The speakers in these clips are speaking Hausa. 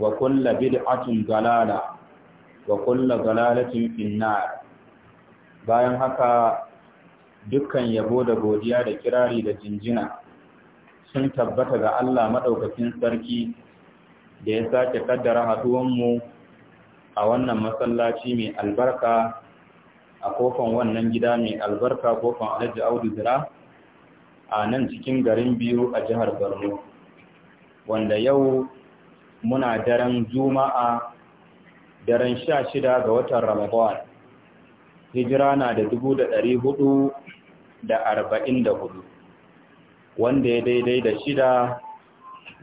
وكل بدعة ضلالة وكل ضلالة في النار bayan haka dukkan yabo da godiya da kirari da jinjina sun tabbata ga Allah madaukakin sarki da ya sake kaddara haduwanmu a wannan masallaci mai albarka a kofan wannan gida mai albarka kofan Alhaji Audu Zira a nan cikin garin biyu a jihar Borno wanda yau muna daren juma'a daren sha shida ga watan ramadan hijira na da dubu da ɗari hudu da arba'in da hudu wanda ya daidai da shida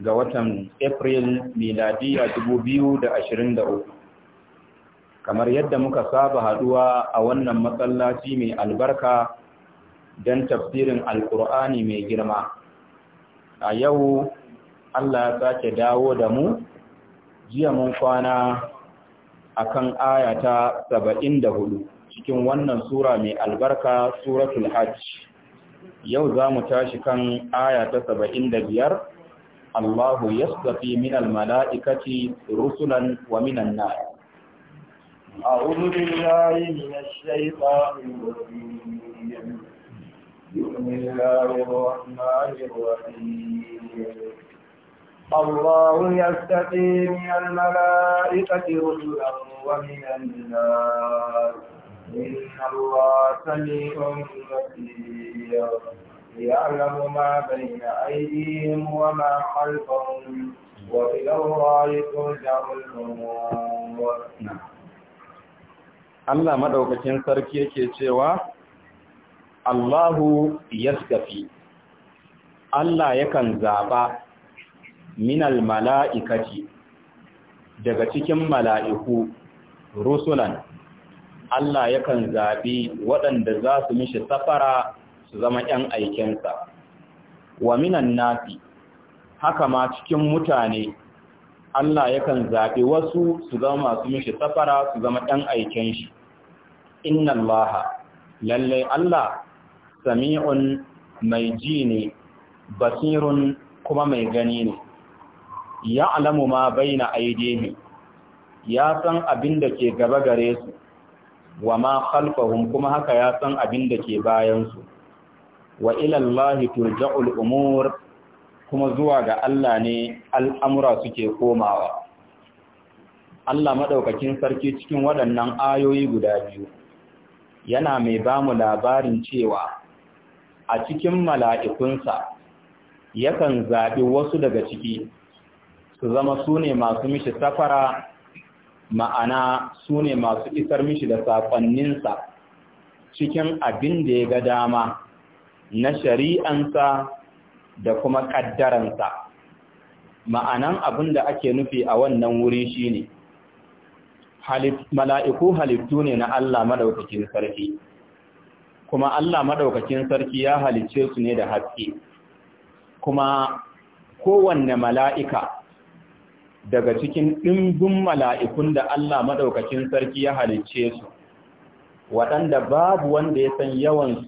ga watan april miladiya dubu biyu da ashirin da uku kamar yadda muka saba haduwa a wannan matsalaci mai albarka don tafsirin alkur'ani mai girma a yau Allah ya sake dawo da mu jiya mun kwana akan aya ta 74 cikin wannan sura mai albarka suratul hajj yau za mu tashi kan aya ta 75 Allahu min minal mala'ikati rusulan wa minan nas أعوذ بالله من الشيطان الرجيم بسم الله الرحمن الرحيم الله يستقي من الملائكة رسلا ومن النار إن الله سميع بصير يعلم ما بين أيديهم وما خلفهم وإلى الله ترجع الأمور Allah madaukakin sarki yake cewa Allahu yaskafi Allah yakan zaba minal mala'ikaci daga cikin mala'iku rusulan Allah yakan zaɓi waɗanda za su mishi safara su zama ‘yan aikensa, wa minan nasi, haka ma cikin mutane, Allah yakan zaɓi wasu su zama masu mishi safara su zama ‘yan aiken shi, inna Allah, lallai Allah, sami'un mai ji ne, basirun kuma mai gani ne. ya alamu ma bai na ya san abin da ke gaba gare su wa ma khalfahum kuma haka ya san abin da ke su. wa ilallahi turja'ul umur kuma zuwa ga Allah ne al'amura suke komawa Allah maɗaukakin sarki cikin waɗannan ayoyi guda biyu yana mai ba mu labarin cewa a cikin mala'ikunsa yakan zaɓi wasu daga ciki su zama su ne masu mishi safara ma'ana su ne masu isar mishi da saƙonninsa cikin abin da ya ga dama na shari'ansa da kuma ƙaddaransa ma'anan abin da ake nufi a wannan wuri shine mala'iku halittu ne na Allah maɗaukakin sarki kuma Allah maɗaukakin sarki ya halicce su ne da haske kuma kowanne mala'ika daga cikin ɗimbin mala'ikun da Allah maɗaukacin sarki ya halicce su, waɗanda babu wanda ya san yawansu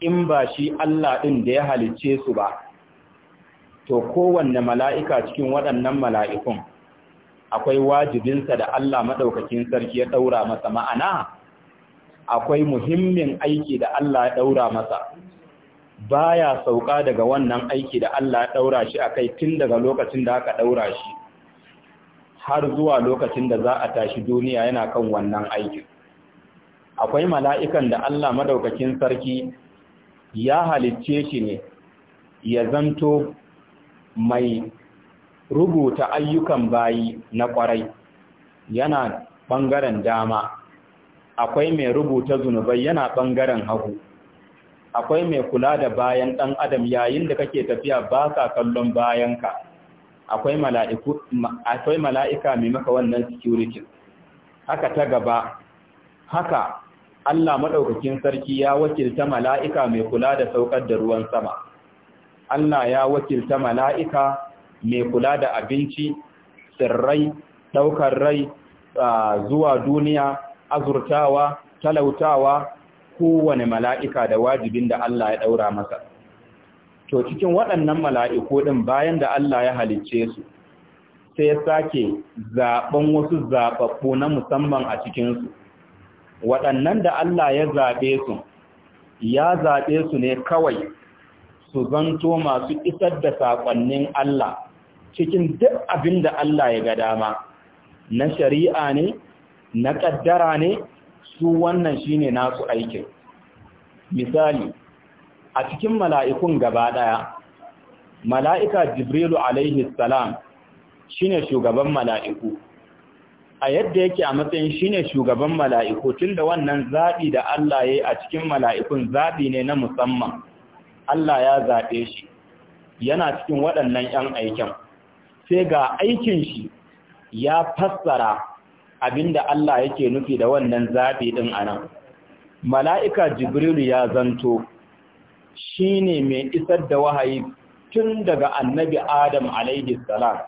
in ba shi Allah ɗin da ya halicce su ba, to kowanne mala'ika cikin waɗannan mala'ikun akwai wajibinsa da Allah maɗaukacin sarki ya ɗaura masa ma'ana, akwai muhimmin aiki da Allah ya ɗaura masa. Baya sauka daga wannan aiki da Allah ya ɗaura shi a kai tun daga lokacin da aka ɗaura shi. har zuwa lokacin da za a tashi duniya yana kan wannan aikin akwai mala'ikan da Allah madaukakin sarki ya halicce shi ne ya zanto mai rubuta ayyukan bayi na kwarai yana ɓangaren dama akwai mai rubuta zunubai yana ɓangaren hagu akwai mai kula da bayan ɗan adam yayin da kake tafiya ba ka kallon bayanka akwai mala'iku akwai mala'ika mai maka wannan security haka ta gaba haka Allah madaukakin sarki ya wakilta mala'ika mai kula da saukar da ruwan sama Allah ya wakilta mala'ika mai kula da abinci sirrai, daukar rai zuwa duniya azurtawa talautawa kowane mala'ika da wajibin da Allah ya daura masa to cikin waɗannan mala'iku ɗin bayan da Allah ya halicce su sai ya sake zaɓen wasu zaɓaɓɓu na musamman a cikinsu waɗannan da Allah ya zaɓe su ya zaɓe su ne kawai su zanto masu isar da saƙonnin Allah cikin duk abin da Allah ya ga dama na shari'a ne na ƙaddara ne su wannan shi ne nasu aikin misali a cikin mala'ikun gaba ɗaya mala'ika jibrilu alaihi salam ne shugaban mala'iku a yadda yake a matsayin shi ne shugaban mala'iku tun da wannan zaɓi da Allah ya yi a cikin mala'ikun zaɓi ne na musamman Allah ya zaɓe shi yana cikin waɗannan ‘yan aikin sai ga aikin shi ya fassara abin da Allah yake nufi da wannan zaɓi ɗin a nan mala'ika jibrilu ya zanto Shi ne mai isar da wahayi tun daga annabi Adam alaihi salam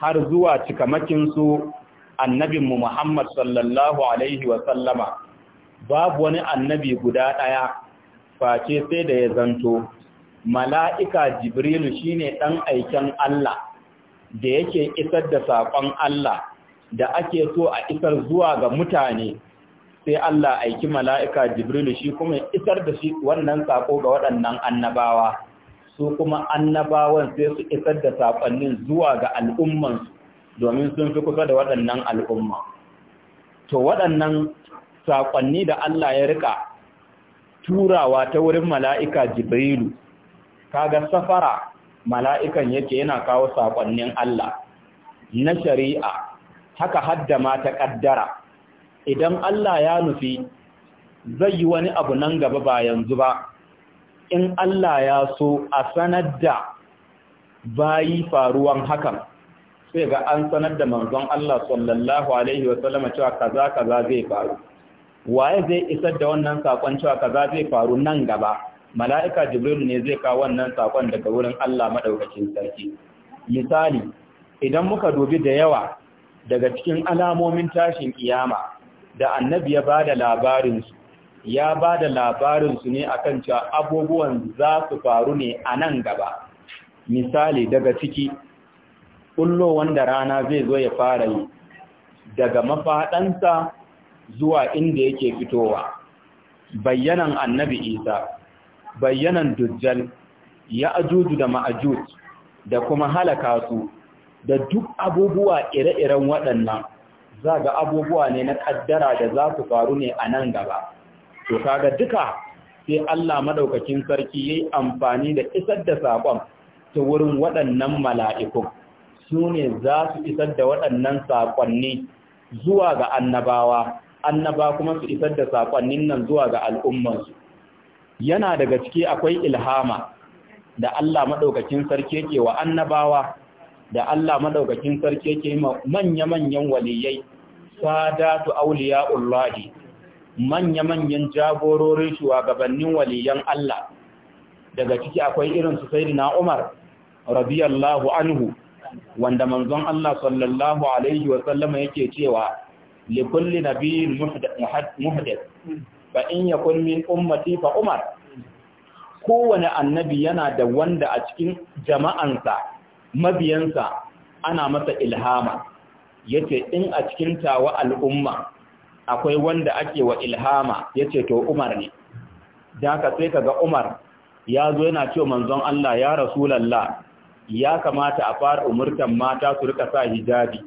har zuwa cikamakin su annabinmu Muhammad sallallahu alaihi wa sallama babu wani annabi guda ɗaya. face sai da ya zanto mala'ika Jibrilu shine ɗan aiken Allah da yake isar da saƙon Allah da ake so a isar zuwa ga mutane sai Allah aiki mala'ika Jibrilu shi kuma isar da shi wannan sako ga waɗannan annabawa, su kuma annabawan sai su isar da saƙonnin zuwa ga al'ummansu domin sun fi kusa da waɗannan al'umma. To waɗannan saƙonni da Allah ya rika turawa ta wurin mala'ika Jibrilu, kaga safara mala'ikan yake yana kawo saƙonnin Allah na shari'a, haka Haddama ta ƙaddara. idan Allah ya nufi zai yi wani abu nan gaba ba yanzu ba in Allah ya so a sanar da bayi faruwan hakan sai ga an sanar da manzon Allah sallallahu alaihi wasallama cewa kaza kaza zai faru waye zai isar da wannan sakon cewa kaza zai faru nan gaba mala'ika jibril ne zai kawo wannan sakon daga wurin Allah madaukakin sarki misali idan muka dubi da yawa daga cikin alamomin tashin kiyama da annabi ya ba da labarinsu ya ba da labarinsu ne akan cewa abubuwan za su faru ne a nan gaba misali daga ciki kullo wanda rana zai zo ya fara yi daga mafaɗansa zuwa inda yake fitowa bayyanan annabi isa bayyanan dujjal ya ajuju da ma'ajuj da kuma halaka su da duk abubuwa ire-iren waɗannan za ga abubuwa ne na kaddara da za su faru ne a nan gaba to kaga duka sai Allah madaukakin sarki yayi amfani da isar da saƙon ta wurin waɗannan mala'ikun su ne za su isar da waɗannan saƙonni zuwa ga annabawa annaba kuma su isar da saƙonnin nan zuwa ga al'ummansu yana daga ciki akwai ilhama da Allah madaukakin sarki yake wa annabawa da Allah madaukakin sarki yake manya-manyan waliyai sadatu ullahi manya-manyan jagororin shugabannin waliyan Allah daga ciki akwai irin su sayyidina Umar radiyallahu anhu wanda manzon Allah sallallahu alaihi wa sallama yake cewa li kulli nabiyyin muhdath fa in yakun min ummati fa Umar kowane annabi yana da wanda a cikin jama'ansa mabiyansa ana masa ilhama yace in a cikin tawa al'umma akwai wanda ake wa ilhama yace to Umar ne Da ka sai ga Umar ya zo yana cewa manzon Allah ya rasulullah ya kamata a fara umurtan mata su rika sa hijabi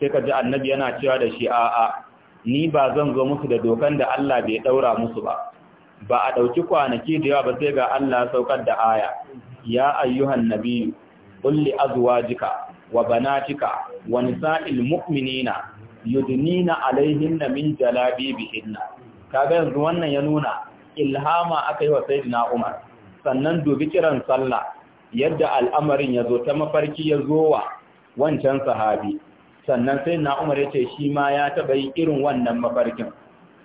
sai ka ji annabi yana cewa da shi a'a ni ba zan zo musu da dokan da Allah bai daura musu ba ba a dauki kwanaki da yawa ba sai ga Allah saukar da aya ya ayyuhan nabiyyu kulli jika, wa bana banatika wa nisa'il mu'minina yudnina alaihinna min jalabibihinna kaga yanzu wannan ya nuna ilhama aka akai wa sayyidina Umar sannan dubi kiran sallah yadda al'amarin ya zo ta mafarki ya zo wa wancan sahabi sannan sai na umar ya ce shi ma ya taɓa yi irin wannan mafarkin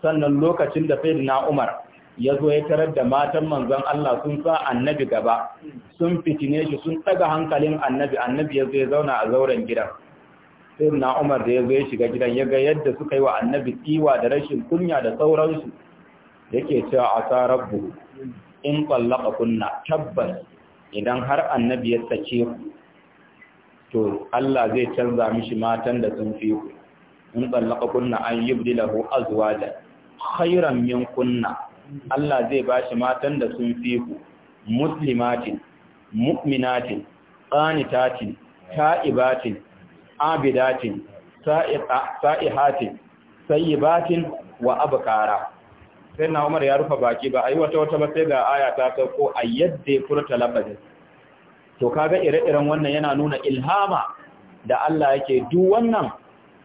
sannan lokacin da sai na umar ya zo ya tarar da matan manzon Allah sun sa annabi gaba sun fitine shi sun daga hankalin annabi annabi ya zo ya zauna a zauren gidan sai na umar da ya zo ya shiga gidan ya ga yadda suka yi wa annabi tsiwa da rashin kunya da sauransu yake cewa a rabbu in tsallaka kunna tabbas idan har annabi ya sace ku to Allah zai canza mishi matan da sun fi ku in tsallaka kunna an yubdilahu azwaja khayran min kunna Allah zai ba shi matan da sun fi ku muslimatin mu'minatin qanitatin ta'ibatin abidatin sa'ihatin sayyibatin wa abkara sai na Umar ya rufe baki ba ai wata wata ba sai ga aya ta sauko a yadda ya furta lafazin to kaga ire-iren wannan yana nuna ilhama da Allah yake duk wannan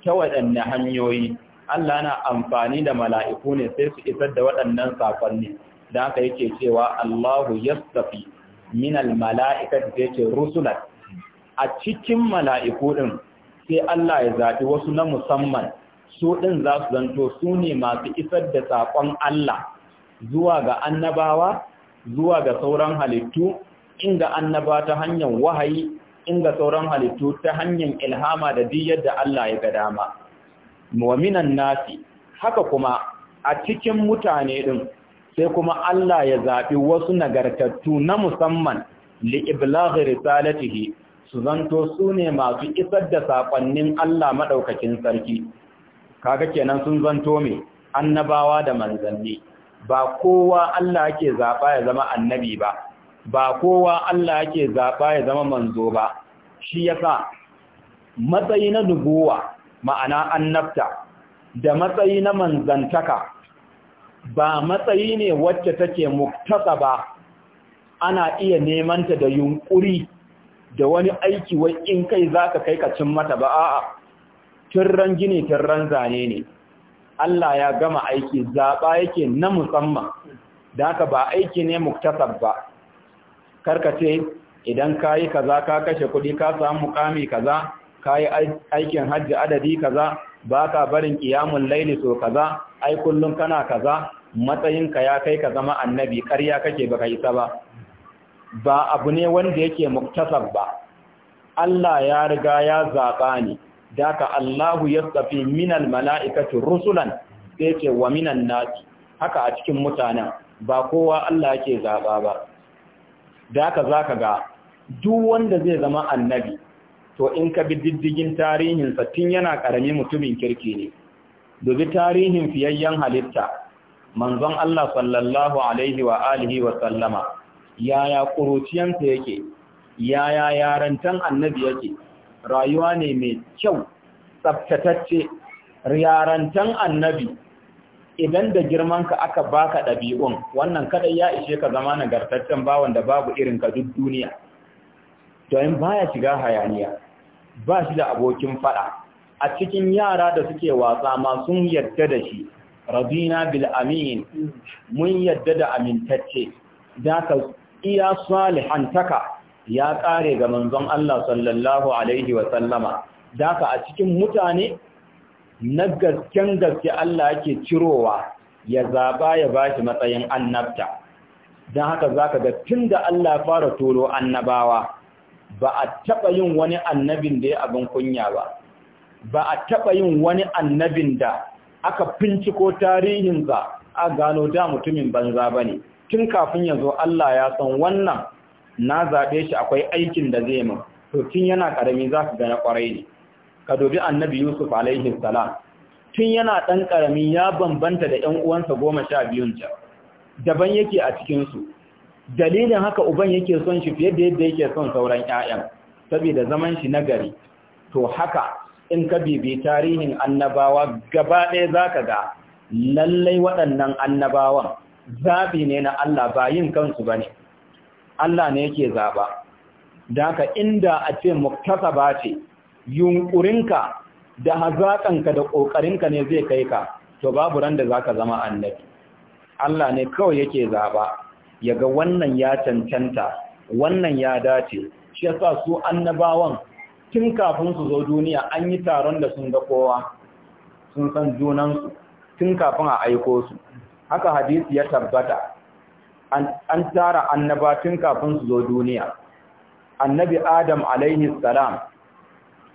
ta waɗanne hanyoyi Allah na amfani da mala'iku ne sai su isar da waɗannan sakonni da haka yake cewa Allahu yastafi min almala'ikati sai ce rusulan a cikin mala'iku ɗin, sai Allah ya zaɓi wasu na musamman su ɗin za su zanto su ne masu isar da saƙon Allah zuwa ga annabawa zuwa ga sauran halittu inda annaba ta hanyar wahayi inga sauran halittu ta hanyar ilhama da diyar da Allah ya ga dama Mominan nasi haka kuma a cikin mutane din sai kuma Allah ya zaɓi wasu nagartattu na musamman li iblaghi risalatihi su zanto su ne masu isar da saƙonnin Allah maɗaukakin sarki kaga kenan sun zanto me annabawa da manzanni ba kowa Allah yake zaɓa ya zama annabi ba ba kowa Allah yake zaɓa ya zama manzo ba shi yasa matsayi na nubuwa ma'ana annabta da matsayi na manzantaka ba matsayi ne wacce take muktasa ba ana iya nemanta da yunkuri da wani aiki wai in kai za ka kai mata ba a'a ran gini ran zane ne Allah ya gama aiki zaɓa yake na musamman da haka ba aiki ne muktasab ba karkace idan ka kaza ka kashe kudi ka samu mukami kaza ka yi aikin hajji adadi kaza ba ka barin ƙiyamun laili so kaza ai kullum kana kaza matsayinka ya kai ka zama annabi ƙarya kake baka isa ba ba abu ne wanda yake muktasab ba Allah ya riga ya zaɓa ni daka Allahu ya tsafi minal mala'ikatu rusulan sai ce wa minan nasi haka a cikin mutanen ba kowa Allah yake zaɓa ba daka zaka ga duk wanda zai zama annabi to in ka bi diddigin tarihinsa tun yana ƙarami mutumin kirki ne dubi tarihin fiyayyen halitta manzon Allah sallallahu alaihi wa alihi wa sallama yaya ƙuruciyansa yake yaya yarantan annabi yake rayuwa ne mai kyau tsaftatacce yarantan annabi idan da girmanka aka baka ɗabi'un wannan kada ya ishe ka zama nagartaccen bawan da babu irin ka duk duniya to in baya shiga hayaniya ba shi da abokin fada a cikin yara da suke wasa ma sun yadda da shi radina bil amin mun yadda da amintacce daka iya salihantaka ya kare ga manzon Allah sallallahu alaihi wa sallama daka a cikin mutane na gasken gaske Allah yake cirowa ya zaba ya bashi matsayin annabta don haka zaka ga tun da Allah fara toro annabawa ba a taɓa yin wani annabin da ya abin kunya ba ba a taɓa yin wani annabin da aka finciko tarihinsa a gano da mutumin banza ba ne tun kafin ya zo Allah ya san wannan na zaɓe shi akwai aikin da zai min to tun yana ƙarami za su gane ƙwarai ne ka dobi annabi yusuf alaihi salam tun yana ɗan ƙarami ya bambanta da ‘yan uwansa goma sha biyun daban yake a cikinsu dalilin haka uban yake son shi fiye da yadda yake son sauran ƴaƴan saboda zaman shi nagari to haka in ka bibi tarihin annabawa gaba ɗaya zaka ga lallai waɗannan annabawan zabi ne na Allah ba yin kansu bane Allah ne yake zaba daka inda a ce muktasaba ce yunkurinka da hazaƙanka da ƙoƙarinka ne zai kai ka to babu randa zaka zama annabi Allah ne kawai yake zaba ya ga wannan ya cancanta wannan ya dace shi ya sa su annabawan tun kafin su zo duniya an yi taron da sun ga kowa sun san junansu tun kafin a aiko su haka hadisi ya tabbata an tara annaba tun kafin su zo duniya annabi adam alaihi salam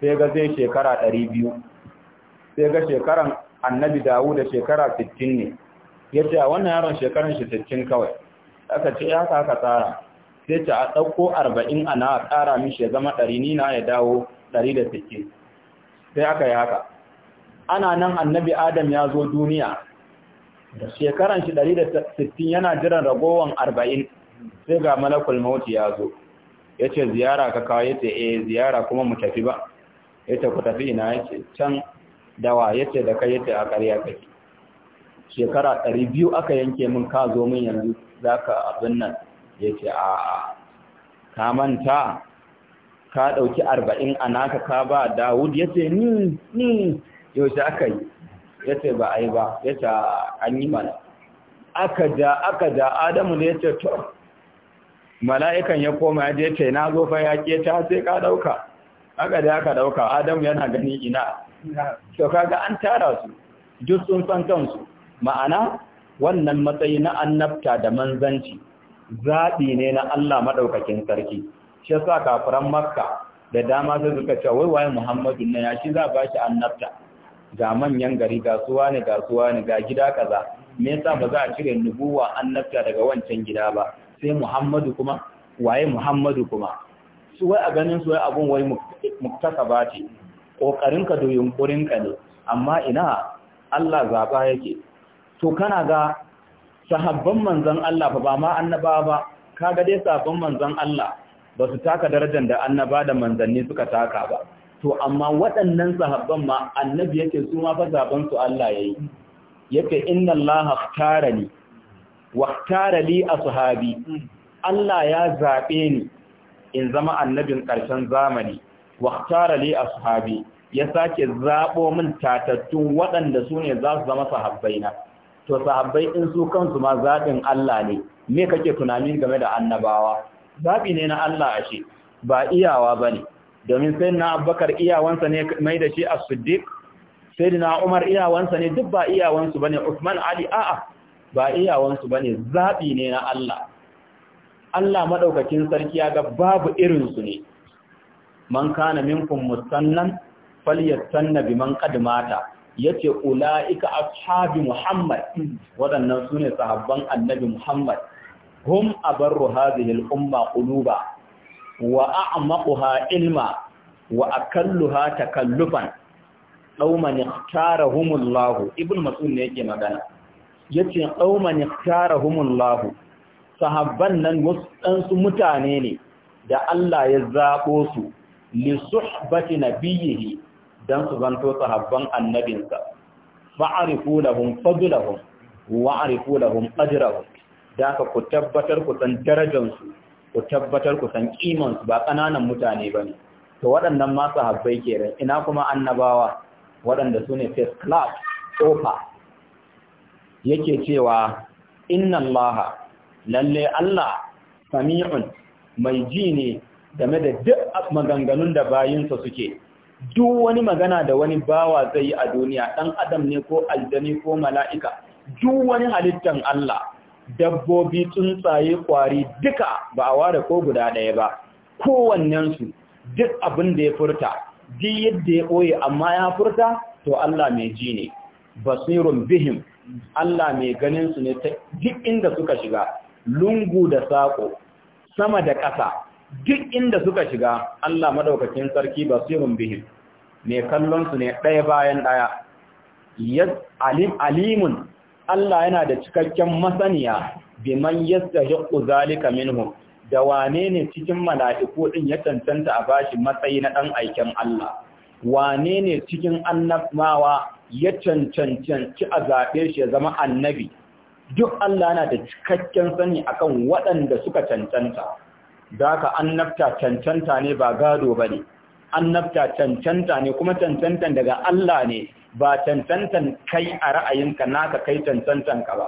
sai ga zai shekara 200 sai ga shekaran annabi dawu da shekara 60 ne ya ce a wannan yaron shekaran shi 60 kawai aka ce ya aka tsara sai ta a ɗauko arba'in ana a ƙara mishi ya zama ɗari nina ya dawo ɗari da sake sai aka yi haka ana nan annabi adam ya zo duniya shekaran shi ɗari da sittin yana jiran ragowan arba'in sai ga malakul mauti ya zo ya ce ziyara ka kawo ya ce eh ziyara kuma mu tafi ba ya ce ku tafi ina ya ce can dawa ya ce da kai ya ce a ƙarya kai shekara ɗari biyu aka yanke min ka zo min yanzu za ka abin nan ya ce a'a ka manta ka ɗauki arba'in a naka ka ba dawud ya ce ni ni yaushe aka yi ya ce ba a yi ba ya ce an yi mana aka ja aka ja adamu ne ya ce to mala'ikan ya koma ya je ce na zo fa ya ke ta sai ka ɗauka aka da aka ɗauka adamu yana gani ina to kaga an tara su duk sun san kansu ma'ana wannan matsayi na annabta da manzanci zaɓi ne na Allah maɗaukakin sarki shi yasa kafiran makka da dama sai suka ce wai waye muhammadu na ya shi za ba shi annabta ga manyan gari ga suwa ne ga suwa ne ga gida kaza me yasa ba za a cire nubuwa annabta daga wancan gida ba sai muhammadu kuma waye muhammadu kuma su wai a ganin su wai abun wai muktasa ba ce ka da yunkurinka ne amma ina Allah zaba yake to kana ga sahabban manzon Allah fa ba ma annaba ba kaga dai sahabban manzon Allah ba su taka darajar da annaba da manzanni suka taka ba to amma waɗannan sahabban ma annabi yake su ma fa zaben su Allah yayi yake inna Allah ikhtarani wa ikhtara li ashabi Allah ya zabe ni in zama annabin ƙarshen zamani wa a li ashabi ya sake zabo min tatattun waɗanda su ne za su zama sahabbaina to sahabbai in su kansu ma zaɓin Allah ne me kake tunani game da annabawa zaɓi ne na Allah ashe ba iyawa ba ne domin sai na Abubakar iyawansa ne mai da shi a siddiq sai na umar iyawansa ne duk ba iyawansu ba ne usman ali a'a ba iyawansu ba ne zaɓi ne na Allah Allah maɗaukakin sarki ya ga babu irinsu ne man kana minkum musannan falyattanna biman qad mata yace ula'ika ashabi Muhammad waɗannan sune sahabban annabi Muhammad hum abarru hadhihi al-umma quluba wa a'maquha ilma wa akalluha takallufan qauman ikhtarahumullah ibn mas'ud ne yake magana yace qauman ikhtarahumullah sahabban nan wasu mutane ne da Allah ya zabo su li suhbati nabiyhi dan su zanto sahabban annabinsa fa'arifu lahum fadlahum wa'arifu lahum ajrahum da ka ku tabbatar ku san su ku tabbatar ku san kimansu ba ƙananan mutane ba ne to waɗannan ma sahabbai kenan ina kuma annabawa waɗanda su ne first class sofa yake cewa inna Allah lalle Allah sami'un mai ji ne game da duk maganganun da bayinsa suke duk wani magana da wani bawa zai yi a duniya ɗan adam ne ko aljani ko mala'ika duk wani halittan Allah dabbobi tsuntsaye kwari duka ba a ware ko guda ɗaya ba kowannensu duk abin da ya furta duk yadda ya ɓoye amma ya furta to Allah mai ji ne basirun bihim Allah mai ganin su ne duk inda suka shiga lungu da saƙo sama da ƙasa duk inda suka shiga Allah madaukakin sarki basirun bihim mai kallon su ne ɗaya bayan ɗaya yaz alim alimun Allah yana da cikakken masaniya biman yastahiqu zalika minhum da wane ne cikin mala'iku din ya tantanta a bashi matsayi na dan aikin Allah wane ne cikin annabawa ya cancanci a zaɓe shi ya zama annabi duk Allah yana da cikakken sani akan waɗanda suka cancanta da haka nafta cancanta ne ba gado ba ne An nafta cancanta ne kuma cancantan daga Allah ne ba cancantan kai a ra'ayinka naka kai cancantan ka ba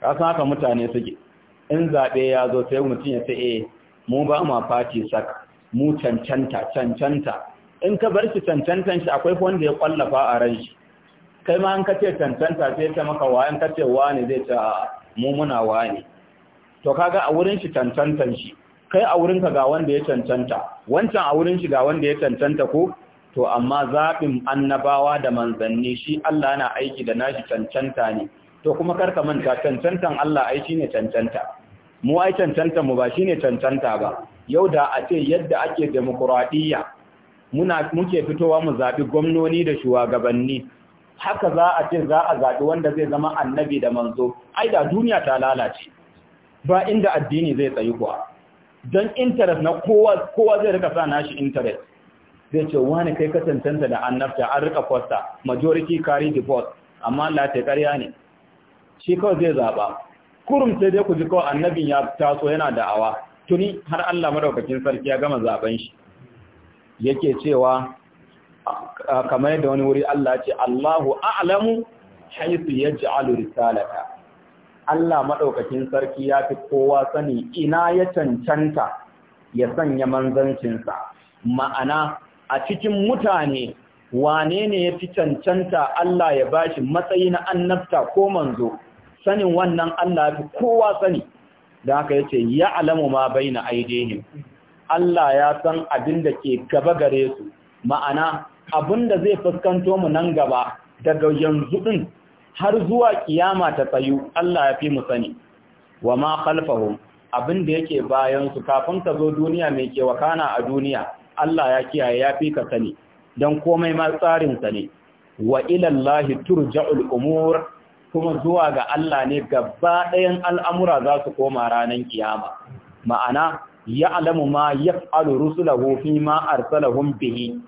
ka san haka mutane suke in zaɓe ya zo sai mutum ya ce eh, mu ba ma fati sak mu cancanta cancanta in ka bar shi cancantan shi akwai wanda ya kwallafa a ran shi kai ma an ka ce cancanta sai ta maka wa in ka ce wa ne zai ta mu muna wa ne to kaga a wurin shi cancantan shi kai a wurinka ga wanda ya cancanta wancan a wurin shi ga wanda ya cancanta ko to amma zaɓin annabawa da manzanni shi Allah yana aiki da nashi cancanta ne to kuma karka manta cancantan Allah ai shine cancanta mu ai cancanta mu ba shine cancanta ba yau da a ce yadda ake demokuraɗiyya muna muke fitowa mu zaɓi gwamnoni da shugabanni haka za a ce za a zaɓi wanda zai zama annabi da manzo ai da duniya ta lalace ba inda addini zai tsayi kuwa don interest na kowa zai rika sa nashi interest zai ce wani kai ka da annabta an rika kwasta, majority carry the vote amma Allah ta ƙarya ne shi kawai zai zaɓa. kurum sai dai ku ji kawai annabin ya taso yana da'awa tuni har Allah madaukakin sarki ya gama zaben shi yake cewa kamar yadda wani wuri Allah ce Allahu a'lamu haythu yaj'alu risalata Allah maɗaukakin sarki ya fi kowa sani ina ya cancanta ya sanya manzancinsa, ma'ana a cikin mutane wane ne ya fi cancanta Allah ya bashi matsayi na annabta ko manzo, sanin wannan Allah ya fi kowa sani, da haka ya ce, ya alamu ma bai na Allah ya san abin da ke gaba gare su, ma'ana abin da zai fuskanto mu nan gaba daga yanzu ɗin har zuwa kiyama ta tsayu Allah ya fi mu sani wa ma khalfahum abin da yake bayan su kafin ta zo duniya mai ke wakana a duniya Allah ya kiyaye ya fi ka sani dan komai ma tsarin sa ne wa ila Allah turja'ul umur kuma zuwa ga Allah ne gaba ɗayan al'amura za su koma ranar kiyama ma'ana ya alamu ma ya faru rusulahu fi ma arsalahum bihi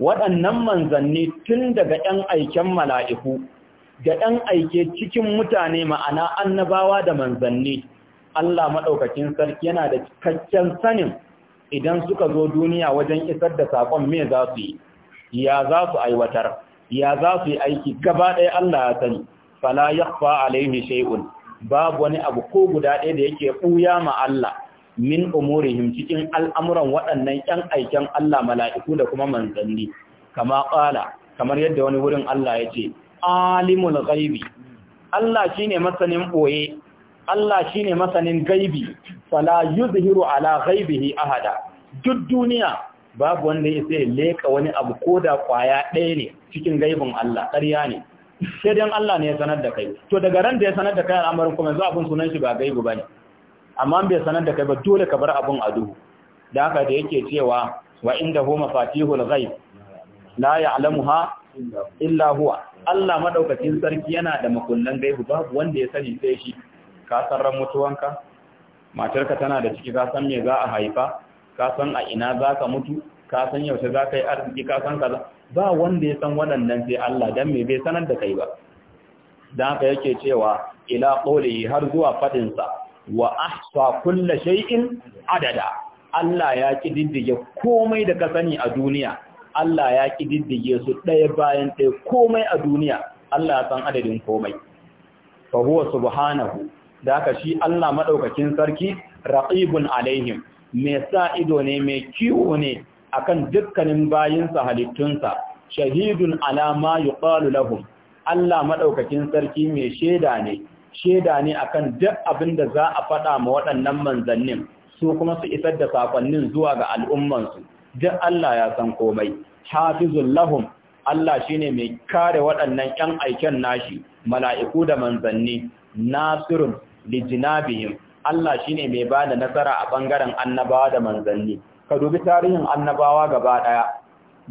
waɗannan manzanni tun daga ‘yan aikin mala'iku Ga ɗan aike cikin mutane ma'ana annabawa da manzanni Allah maɗaukakin sarki yana da cikakken sanin idan suka zo duniya wajen isar da saƙon me za su yi ya za su aiwatar ya za su yi aiki gaba ɗaya Allah ya sani fala yakhfa alaihi shay'un babu wani abu ko guda ɗaya da yake buya ma Allah min umurihim cikin al'amuran waɗannan ƴan aiken Allah mala'iku da kuma manzanni kama ƙala kamar yadda wani wurin Allah ya ce alimul ghaibi Allah shine masanin boye Allah shine masanin gaibi fala yuzhiru ala ghaibihi ahada duk duniya babu wanda ya leka wani abu ko da kwaya ɗaya ne cikin gaibin Allah ƙarya ne sai dan Allah ne ya sanar da kai to daga ran da ya sanar da kai al'amarin kuma yanzu abun sunan shi ba gaibu bane amma bai sanar da kai ba dole ka bar abun a duhu da haka da yake cewa wa inda hu mafatihul ghaib la ya'lamuha illa huwa Allah maɗaukacin sarki yana da makullan gaibu babu wanda ya sani sai shi ka san ran mutuwanka matarka tana da ciki ka san me za a haifa ka san a ina za ka mutu ka san yaushe za ka yi arziki ka san kaza ba wanda ya san waɗannan sai Allah dan me bai sanar da kai ba dan haka yake cewa ila qawlihi har zuwa fadin sa wa ahsa kull shay'in adada Allah ya kididdige komai da ka sani a duniya Allah ya diddige su ɗaya bayan ɗaya komai a duniya Allah ya san adadin komai fa huwa subhanahu da haka shi Allah madaukakin sarki raqibun alaihim mai sa ido ne mai kiwo ne akan dukkanin bayinsa halittunsa shahidun ala ma yuqalu lahum Allah madaukakin sarki mai shaida ne sheda ne akan duk abin da za a faɗa ma waɗannan manzannin su kuma su isar da sakonnin zuwa ga al'ummansu duk Allah ya san komai hafizul lahum Allah shine mai kare waɗannan ƴan aikin nashi mala'iku da manzanni nasirun jinabihim Allah shine mai ba da nasara a bangaren annabawa da manzanni ka dubi tarihin annabawa gaba daya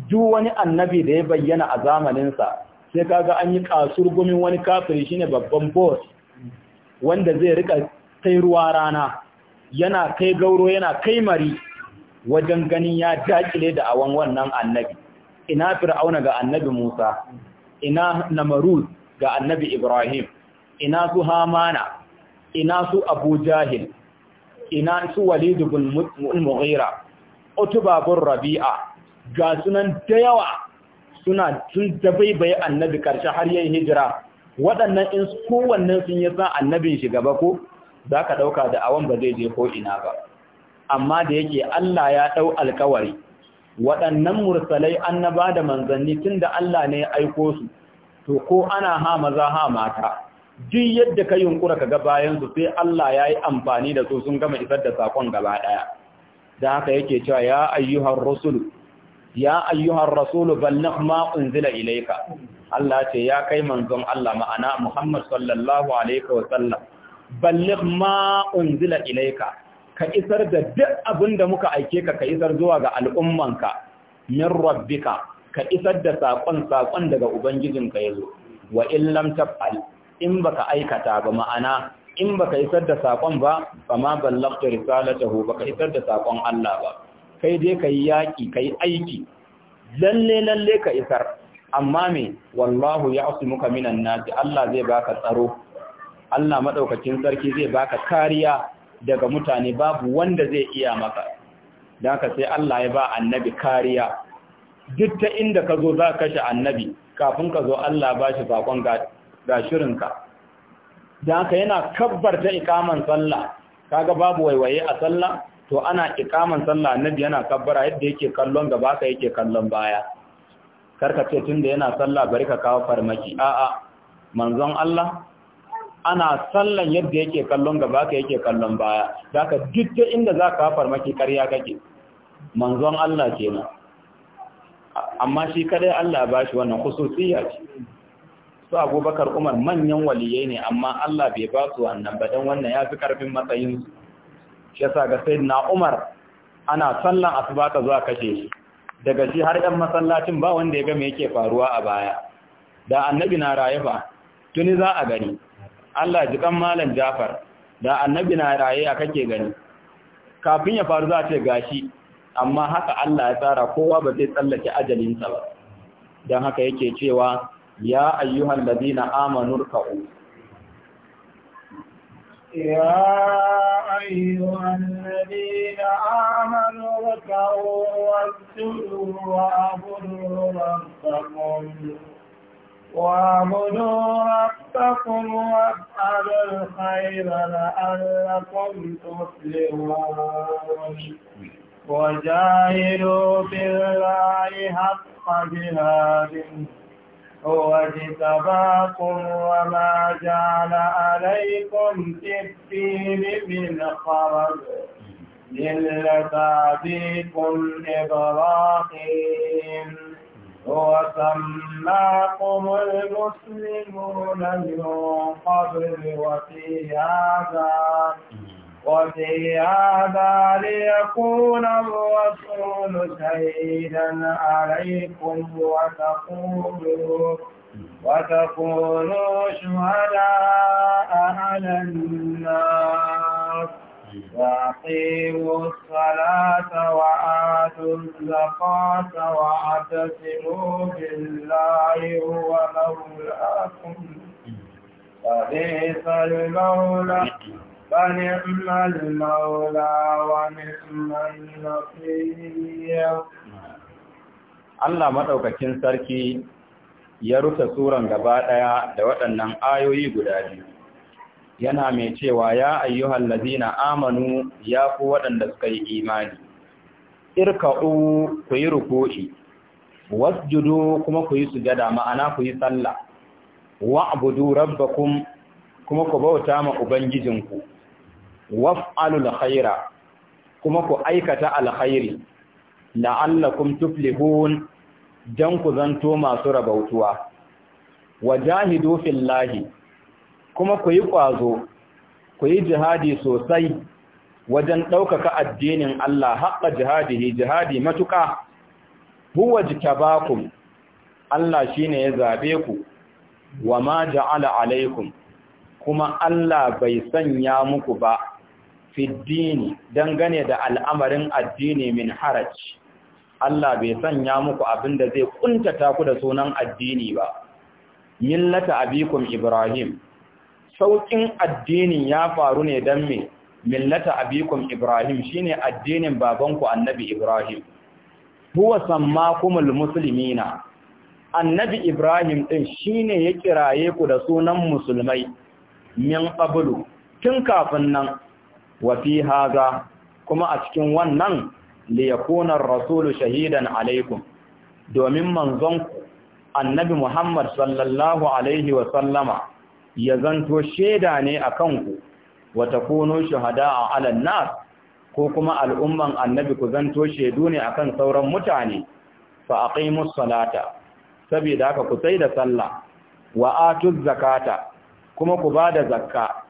duk wani annabi da ya bayyana a zamanin sa sai kaga an yi gumin wani kafiri shine babban boss wanda zai rika kai ruwa rana yana kai gauro yana kai mari wajen ganin ya dakile da awan wannan annabi ina fir'auna ga annabi Musa ina namarud ga annabi Ibrahim ina su hamana ina su abu jahil ina su walidu ibn mughira Utba ibn rabi'a ga sunan da yawa suna sun dabaibaye annabi karshe har yayin hijira waɗannan in kowannen sun yi san annabin shi gaba ko zaka ka ɗauka da awan ba zai je ko ina ba amma da yake Allah ya ɗau alkawari waɗannan mursalai annaba da manzanni tun da Allah ne ya aiko su to ko ana ha maza ha mata duk yadda ka yunkura ka ga bayansu sai Allah ya yi amfani da su sun gama isar da sakon gaba ɗaya da haka yake cewa ya ayyuhar rasulu ya ayyuhar rasulu balligh ma unzila ilaika? Allah ce ya kai manzon Allah ma'ana Muhammad sallallahu alaihi wa sallam balligh ma unzila ka isar da duk abin da muka aike ka ka isar zuwa ga al'ummanka min rabbika ka isar da saƙon saƙon daga ubangijinka ya zo wa in taf'al in baka aikata ba ma'ana in baka isar da saƙon ba ba ma ballagta risalatahu baka isar da saƙon Allah ba kai dai yaƙi ka yi aiki lalle lalle ka isar amma me wallahu ya muka minan nasi Allah zai baka tsaro Allah maɗaukacin sarki zai baka kariya daga mutane babu wanda zai iya maka don ka sai Allah ya ba annabi kariya duk ta inda ka zo za kashe annabi kafin ka zo Allah ba shi bakon gashirinka don ka yana kabbarta ikaman sallah kaga babu waiwaye a sallah to ana ikaman sallah annabi yana kabbara yadda yake kallon gaba ka yake kallon baya karka ce tunda yana sallah bari ka kawo farmaki a'a manzon Allah ana sallan yadda yake kallon gaba ka yake kallon baya zaka duk ta inda zaka farmaki ƙarya kake manzon Allah kenan amma shi kadai Allah ba shi wannan khususiyya ce su Abubakar Umar manyan waliyai ne amma Allah bai ba su wannan ba dan wannan fi karfin matsayin shi yasa ga sayyidina Umar ana sallan asuba ka zuwa kashe shi daga shi har ɗan masallacin ba wanda ya ga me yake faruwa a baya da annabi na rayuwa? tuni za a gani Allah ji kan malam Jafar da annabi na raye a kake gani kafin ya faru za ce gashi amma haka Allah ya tsara kowa ba zai tsallake ajalinsa ba don haka yake cewa ya ayyuhan ladina amanu ruk'u ya ayyuhan ladina amanu ruk'u wasjudu wa abudu rabbakum واعبدوا ربكم وافعلوا الخير لعلكم تفلحون وجاهدوا في الله حق جهاده هو اجتباكم وما جعل عليكم في الدين من خرج ملة أبيكم إبراهيم وسماكم المسلمون من قبل وفي هذا وفي هذا ليكون الرسول شهيدا عليكم وتقولوا وتكونوا شهداء على الناس وأقيموا الصلاة وآتوا الزكاة واعتصموا بالله هو Allah maɗaukakin sarki ya rufe suran gaba ɗaya da waɗannan ayoyi guda biyu. yana mai cewa ya ayyuhal ladina amanu ya ku waɗanda suka yi imani irka'u ku yi ruku'i wasjudu kuma ku yi sujada ma'ana ku yi sallah wa'budu rabbakum kuma ku bauta ma ubangijinku waf'alul khaira kuma ku aikata alkhairi la'allakum tuflihun dan ku zanto masu rabautuwa wajahidu fillahi kuma ku yi ƙwazo ku yi jihadi sosai wajen ɗaukaka addinin Allah haƙa ne jihadi matuƙa huwa ku Allah shi ne ya zaɓe ku wa ma ja'ala alaikum kuma Allah bai sanya muku ba fiddini dangane da al'amarin addini min haraj Allah bai sanya muku abin da zai kuntata ku da sunan addini ba millata abikum ibrahim saukin addinin ya faru ne don me millata abikum ibrahim shine addinin babanku annabi ibrahim huwa sammakumul muslimina annabi ibrahim din shine ya kiraye ku da sunan musulmai min qablu tun kafin nan wa fi haza kuma a cikin wannan liyakunan yakuna rasulu shahidan alaikum domin manzon ku annabi muhammad sallallahu alaihi wa sallama ya zanto shaida ne a kanku wa shahada a 'alan nas ko kuma al'umman annabi ku zanto shaidu ne kan sauran mutane fa aqimus salata saboda haka ku sai da sallah wa atuz zakata kuma ku ba da zakka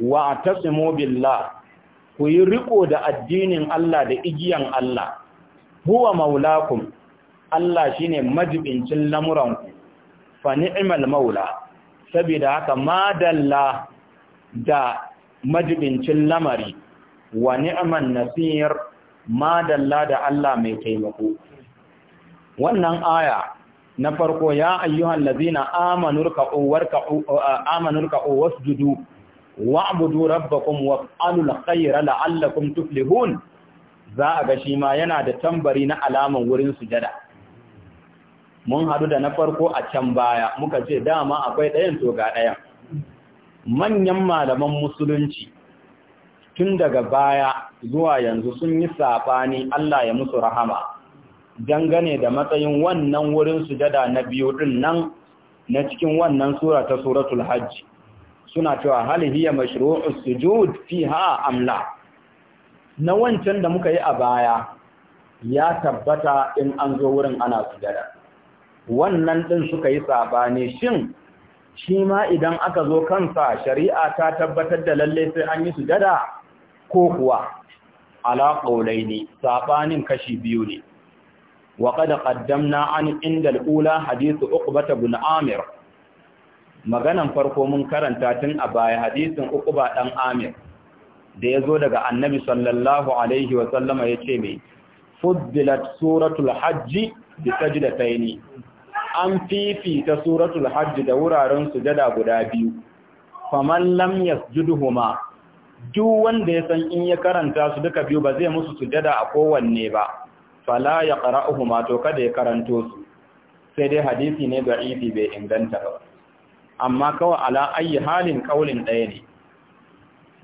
wa a atasimu billah ku yi riko da addinin Allah da igiyan Allah huwa maulakum Allah shine majibincin lamuranku fa ni'mal maula saboda haka madalla da majibincin lamari wa ni'man nasir madalla da Allah mai taimako wannan aya na farko ya ayyuhan lazina amanu ruk'u warka'u amanu ruk'u wasjudu wa'budu rabbakum wa'alul khayra la'allakum tuflihun za a ga shi ma yana da tambari na alaman wurin sujada mun haɗu da na farko a can baya muka ce dama akwai ɗayan to ga ɗayan manyan malaman musulunci tun daga baya zuwa yanzu sun yi saɓani Allah ya musu rahama dangane da matsayin wannan wurin sujada na biyu ɗin nan na cikin wannan sura ta suratul hajji suna cewa hali hiya mashru'us sujud fiha amla na wancan da muka yi a baya ya tabbata in an zo wurin ana sujada wannan ɗin suka yi saɓani shin shi ma idan aka zo kansa shari'a ta tabbatar da lalle sai an yi sujada ko kuwa ala ne saɓanin kashi biyu ne wa kada ƙaddamna an inda al'ula hadisu bata bin amir maganan farko mun karanta tun a baya hadisin uqba dan amir da ya zo daga annabi sallallahu alaihi sallama ya ce mai fuddilat suratul hajji bi sajdataini an fifita suratul hajji da wuraren sujada guda biyu faman lam yasjuduhuma duk wanda ya san in ya karanta su duka biyu ba zai musu sujada a kowanne ba fala ya to kada ya karanto su sai dai hadisi ne da'ifi bai inganta ba amma kawai ala ayi halin kaulin ɗaya ne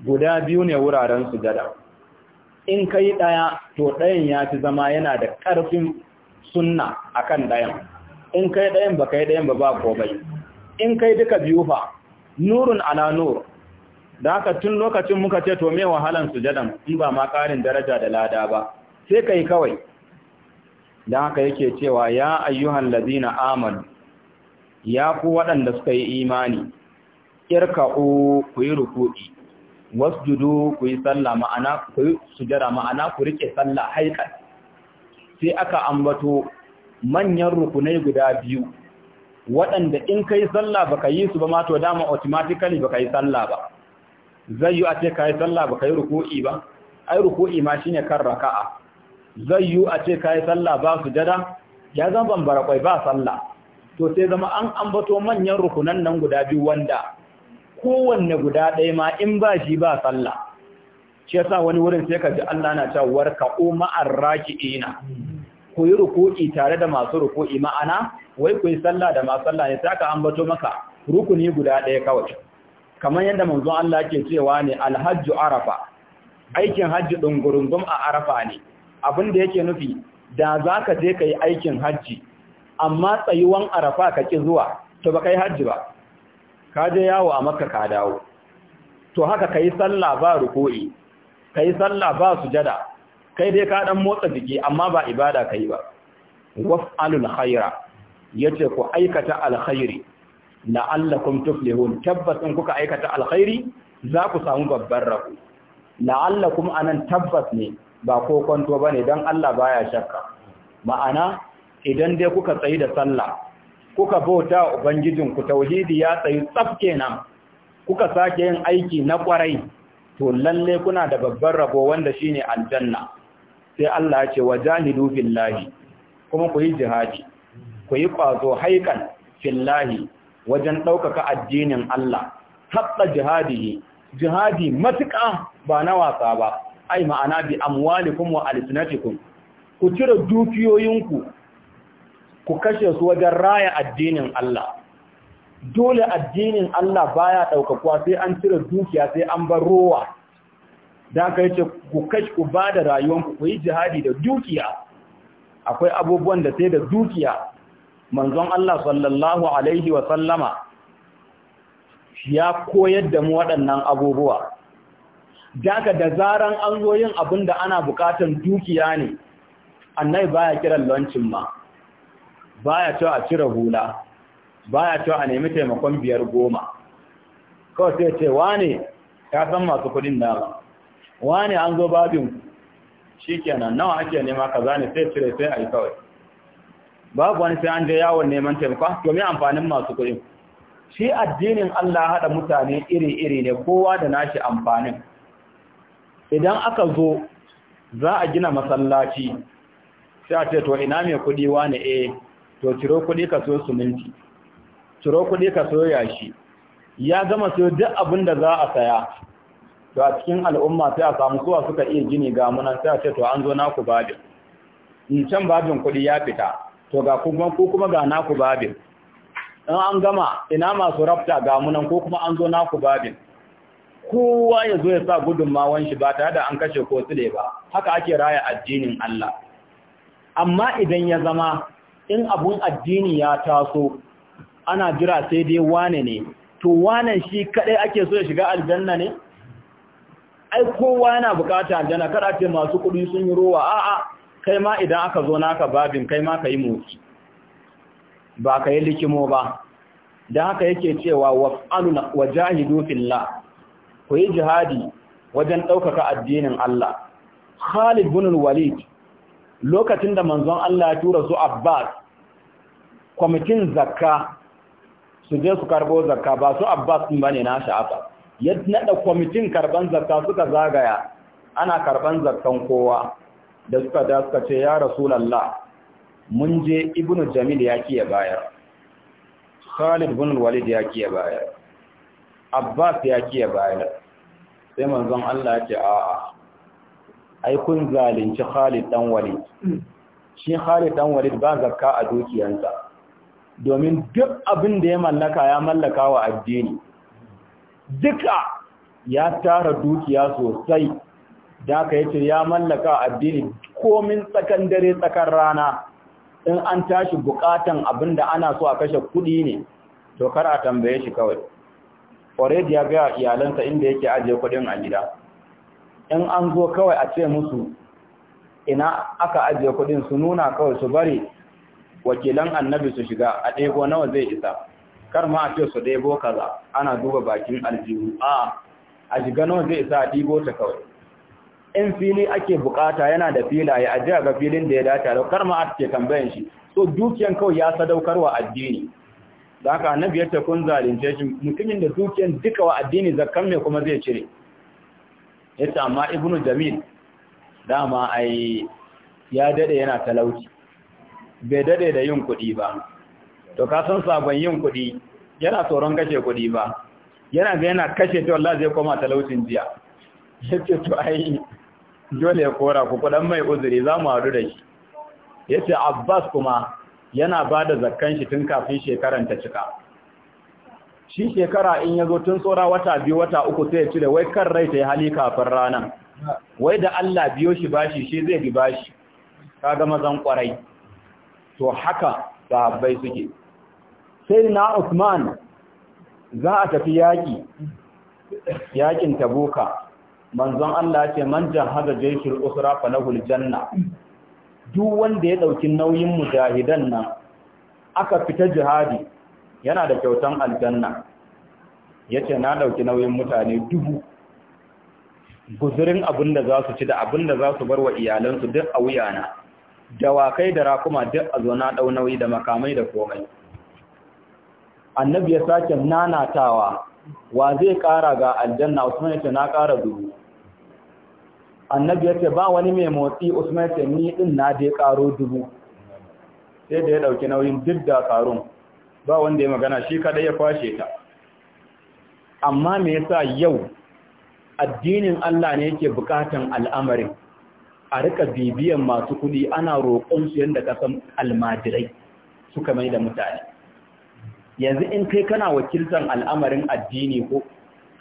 guda biyu ne wuraren sujada in kai ɗaya to ɗayan ya fi zama yana da ƙarfin sunna akan ɗayan in kai ɗayan ba kai ɗayan ba ba bai in kai duka biyu fa nurun ala nur da haka tun lokacin muka ce to me wahalan sujadan in ba ma ƙarin daraja da lada ba sai kai kawai da haka yake cewa ya ayyuhan ladina amanu ya ku waɗanda suka yi imani irka'u ku yi ruku'i wasjudu ku yi sallah ma'ana ku sujada ma'ana ku rike sallah haikan sai aka ambato manyan rukunai guda biyu waɗanda in ka yi sallah ba ka yi su ba ma to dama automatically ba ka yi sallah ba zai yi a ce ka yi sallah ba ka yi ruku'i ba ai ruku'i ma shine kan raka'a zai yi a ce ka yi sallah ba su jada ya zama bambara kwai ba sallah to sai zama an ambato manyan rukunan nan guda biyu wanda kowanne guda ɗaya ma in ba shi ba sallah shi yasa wani wurin sai ka ji Allah na cewa warka umma rakiina ku yi ruku'i tare da masu ruku'i ma'ana wai ku sallah da masu sallah ne sai aka ambato maka rukuni guda ɗaya kawai kamar yadda manzon Allah ke cewa ne alhajju arafa aikin hajji ɗin gurungum a arafa ne abin da yake nufi da zaka je ka aikin hajji amma tsayuwan arafa ka ki zuwa to ba ka yi hajji ba ka je yawo a makka ka dawo to haka ka sallah ba ruku'i ka sallah ba sujada kai dai ka dan motsa jiki amma ba ibada kai ba waf'alul khaira yace ku aikata alkhairi la'allakum tuflihun tabbasin kuka aikata alkhairi za ku samu babban rabo la'allakum anan tabbas ne ba ko kwanto bane dan Allah baya shakka ma'ana idan dai kuka tsayi da sallah kuka bauta ubangijin ku tauhidi ya tsayi tsaf kenan kuka sake yin aiki na kwarai to lalle kuna da babbar rabo wanda shine aljanna sai Allah ya ce wajahidu fillahi kuma ku yi jihadi ku yi kwazo haikan fillahi wajen ɗaukaka addinin Allah hatta jihadihi jihadi matuƙa ba na wasa ba ai ma'ana bi amwalikum wa alsinatikum ku cire dukiyoyinku ku kashe su wajen raya addinin Allah dole addinin Allah baya ɗaukakuwa sai an cire dukiya sai an bar rowa da aka yace ku kashi ku ba da rayuwanku ku yi jihadi da dukiya akwai abubuwan da sai da dukiya manzon Allah sallallahu alaihi wa sallama ya koyar da mu waɗannan abubuwa daga da zaran an zo yin abin da ana bukatan dukiya ne annai baya kiran lancin ma baya cewa a cire hula baya cewa a nemi taimakon biyar goma kawai sai ce ne. ka san masu kudin nama wani an zo babin shi kenan nawa ake nema ka zane sai cire sai a yi kawai babu wani sai an je yawon neman taimako domin amfanin masu kuɗi shi addinin Allah haɗa mutane iri-iri ne kowa da nashi amfanin idan aka zo za a gina masallaci sai a ce to ina mai kuɗi wani eh to ciro kuɗi ka so minti ciro kuɗi ka so yashi ya gama so duk abin da za a saya to a cikin al'umma sai a samu suwa suka iya gini ga munan sai a ce to an zo naku babin in can babin kuɗi ya fita to ga kuma ko kuma ga naku babin in an gama ina masu rafta ga muna ko kuma an zo naku babin kowa ya zo ya sa gudunmawan shi ba tare da an kashe ko su ba haka ake raya addinin Allah amma idan ya zama in abun addini ya taso ana jira sai dai wane ne to wane shi kadai ake so ya shiga aljanna ne ai kowa yana bukata aljanna kada ce masu kuɗi sun yi rowa a'a kai ma idan aka zo naka babin kai ma ka yi motsi ba ka yi likimo ba da haka yake cewa wa jahidu fillah ku yi jihadi wajen ɗaukaka addinin Allah Khalid bin Walid lokacin da manzon Allah ya tura su Abbas kwamitin zakka su je su karbo zakka ba su Abbas din bane na sha'afa ya naɗa kwamitin karban zarta suka zagaya ana karban zartan kowa da suka da suka ce ya rasulallah mun je ibnu jamil ya kiya bayar khalid bin walid ya kiya bayar abbas ya kiya bayar sai manzon Allah ya ce a'a ai kun zalunci khalid dan walid shi Khalid dan Walid ba zakka a dukiyansa domin duk abin da ya mallaka ya mallaka wa addini duka ya tara dukiya sosai da aka yace ya mallaka addini komin tsakan dare tsakan rana in an tashi bukatan abinda ana so a kashe kudi ne to kar a tambaye shi kawai already ya ga iyalansa inda yake ajiye kudin a gida in an zo kawai a ce musu ina aka ajiye kudin su nuna kawai su bari wakilan annabi su shiga a ɗego nawa zai isa kar ma a ce su ɗebo kaza ana duba bakin aljihu a a nawa zai isa a ɗibo ta kawai in fili ake bukata yana da filaye a jiya ga filin da ya dace da kar ma a ce tambayan shi so dukiyan kawai ya sadaukarwa addini da haka biyar ta kun zalunce shi mutumin da dukiyan duka wa addini zakkan mai kuma zai cire yace amma ibnu jamil dama ya dade yana talauci bai dade da yin kuɗi ba to ka san sabon yin kuɗi yana tsoron kashe kuɗi ba yana ga yana kashe to Allah zai koma talaucin jiya yace to ai dole ya kora ku kudan mai uzuri za mu haɗu da shi yace Abbas kuma yana ba da zakkan shi tun kafin shekaran ta cika shi shekara in yazo tun tsora wata biyu wata uku sai ya cire wai kan rai ta yi hali kafin rana. wai da Allah biyo shi bashi shi zai bi bashi kaga mazan kwarai to haka sahabbai suke sai na Usman za a tafi yaƙi yaƙin tabuka manzon Allah ce man jahaza jaishul usra lahul janna duk wanda ya dauki nauyin mujahidan nan aka fita jihadi yana da kyautan aljanna yace na dauki nauyin mutane dubu guzurin abinda za su ci da abinda za su bar wa iyalansu duk a wuyana dawakai da rakuma duk a zo na dau nauyi da makamai da komai annabi ya sake nanatawa wa zai kara ga aljanna usman ya ce na kara dubu annabi ya ce ba wani mai motsi usman ya ce ni din na dai karo dubu sai da ya dauki nauyin duk da karun ba wanda ya magana shi kaɗai ya kwashe ta amma me yasa yau addinin Allah ne yake bukatan al'amarin a rika bibiyan masu kuɗi ana roƙon su yadda kasan almajirai suka mai da mutane yanzu in kai kana wakiltar al'amarin addini ko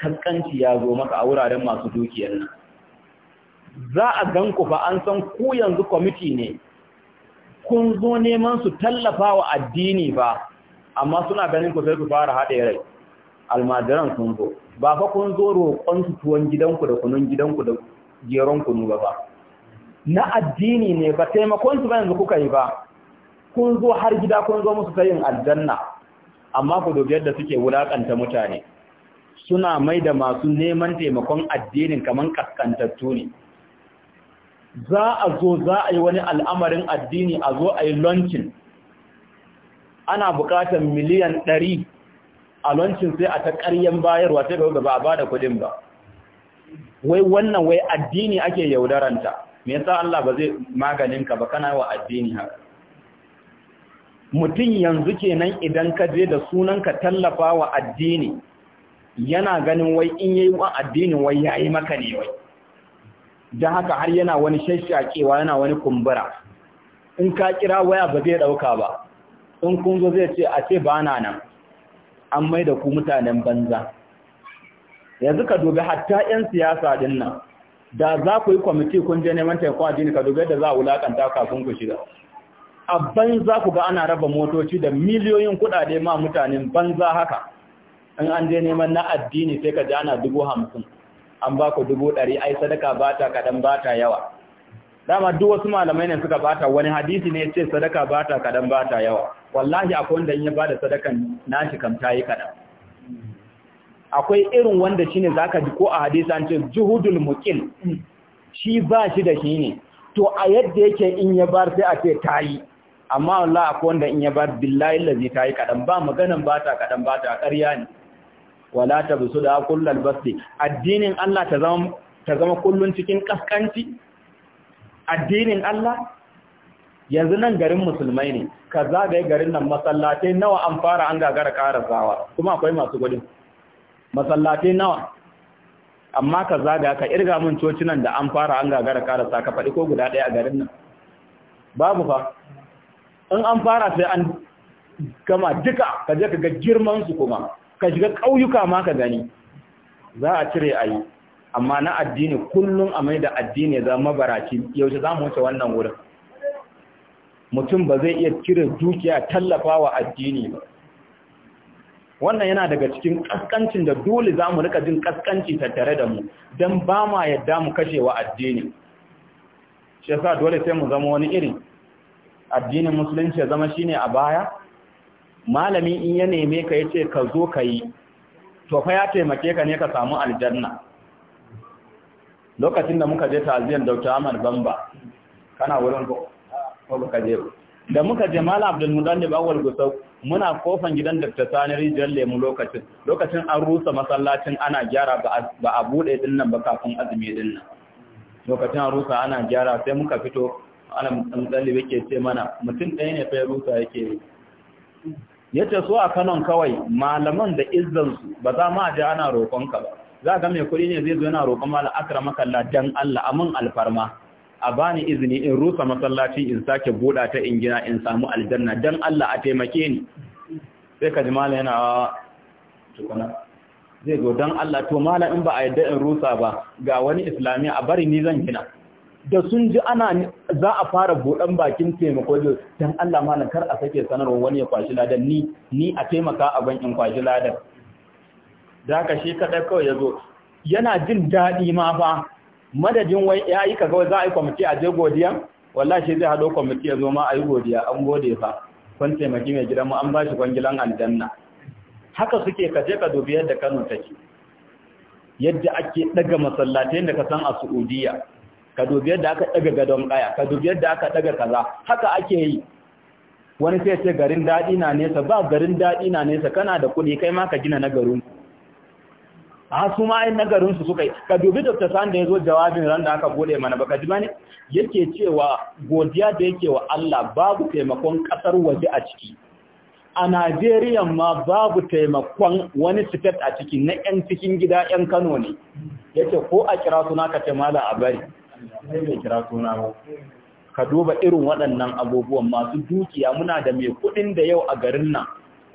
kaskanci ya zo maka a wuraren masu dukiyar nan za a gan ku fa an san ku yanzu kwamiti ne kun zo neman su tallafa wa addini ba amma suna ganin ku sai ku fara haɗe rai almajiran sun zo ba fa kun zo roƙon su tuwon gidanku da kunun gidanku da geron kunu ba ba na addini ne ba taimakon su ba yanzu kuka yi ba kun zo har gida kun zo musu sayin aljanna amma ku dubi yadda suke wulakanta mutane suna mai da masu neman taimakon addinin kaman kaskantattu ne za a zo za a yi wani al'amarin addini a zo a yi launching ana bukatar miliyan ɗari a launching sai a ta ƙaryen bayarwa sai ga ba a ba da kuɗin ba wai wannan wai addini ake yaudaranta me yasa Allah ba zai maganin ka ba kana wa addini haka mutum yanzu kenan idan ka je da sunan ka tallafa wa addini yana ganin wai in yayi wa addini wai yayi maka ne wai dan haka har yana wani shashakewa yana wani kumbura in ka kira waya ba zai dauka ba in kun zo zai ce a ce ba na nan an mai da ku mutanen banza yanzu ka dubi hatta 'yan siyasa din nan da za ku yi kwamiti kun je neman taimakon addini ka dubi da za a wulakanta kafin ku shiga a banza ku ga ana raba motoci da miliyoyin kuɗaɗe ma mutanen banza haka in an je neman na addini sai ka ji ana dubu hamsin an ba ku dubu ɗari ai sadaka ba ta kaɗan ba ta yawa dama duk wasu malamai ne suka bata wani hadisi ne ce sadaka bata kaɗan bata yawa wallahi akwai wanda in ya bada sadakan nashi kam tayi kaɗan akwai irin wanda shine zaka ji ko a hadisi an ce juhudul muqil shi ba shi da shi ne to a yadda yake in ya bar sai a ce tayi amma Allah akwai wanda in ya ba billahi lazi ta yi kaɗan ba maganan ba ta kaɗan ba ta ƙarya ne wala ta bisu da kullal basdi addinin Allah ta zama ta zama kullun cikin kaskanci addinin Allah yanzu nan garin musulmai ne ka ga garin nan masallatai nawa an fara an gagara karasawa kuma akwai masu gudun masallatai nawa amma ka zaga ka irga mun cocinan da an fara an gagara karasa ka faɗi ko guda ɗaya a garin nan babu fa in an fara sai an gama duka ka je ka ga girman su kuma ka shiga ƙauyuka ma ka gani za a cire ayi. amma na addini kullum a mai da addini za mabaraci yaushe za mu wuce wannan wurin mutum ba zai iya cire dukiya tallafa wa addini ba wannan yana daga cikin kaskancin da dole za mu rika jin kaskanci tattare da mu don ba ma yadda mu kashe wa addini shi yasa dole sai mu zama wani irin? addinin musulunci ya zama shine a baya malami in ya neme ka yace ka zo ka yi to fa ya taimake ka ne ka samu aljanna lokacin da muka je ta'aziyar Dr. Ahmad Bamba kana wurin ko ko baka je da muka je Malam Abdul Mudallib awwal gusau muna kofan gidan Dr. Sani Rijal Lemu lokacin lokacin an rusa masallacin ana gyara ba a bude din nan ba kafin azumi din nan lokacin an rusa ana gyara sai muka fito alam ɗalibi yake ce mana mutum ɗaya ne fai rusa yake yi ya ce so a kanon kawai malaman da su ba za ma ji ana roƙonka ba za ga mai kuɗi ne zai zo yana roƙon mala akra makalla dan Allah amin alfarma a bani izini in rusa masallaci in sake buɗa ta in gina in samu aljanna dan Allah a taimake ni sai ka ji mala yana tukuna zai zo dan Allah to mala in ba a yadda in rusa ba ga wani islamiyya a bari ni zan gina da sun ji ana za a fara buɗan bakin taimako da don Allah malam kar a sake sanarwa wani ya kwashi ladan ni ni a taimaka a ban in kwashi ladan da haka shi kaɗai kawai ya zo yana jin daɗi ma fa madadin wai ya yi kaga za a yi kwamiti a je godiya wallahi shi zai haɗo kwamiti ya zo ma a yi godiya an gode fa kun taimaki mai gidan mu an ba shi kwangilan aljanna haka suke ka je ka dubi yadda Kano take yadda ake ɗaga masallatai da ka san a Suudiyya. ka dubi yadda aka daga gadon kaya ka dubi yadda aka daga kaza haka ake yi wani sai ce garin daɗi na nesa ba garin daɗi na nesa kana da kuɗi kai ma ka gina na garin a su ma yin na garin su suka yi ka dubi dr sanda ya zo jawabin ran da aka bude mana baka ji bane yake cewa godiya da yake wa Allah babu taimakon kasar waje a ciki a Najeriya ma babu taimakon wani state a ciki na 'yan cikin gida 'yan Kano ne, yake ko a kira suna ka ce mala a bari. sai bai kira suna ba ka duba irin waɗannan abubuwan masu dukiya muna da mai kuɗin da yau a garin nan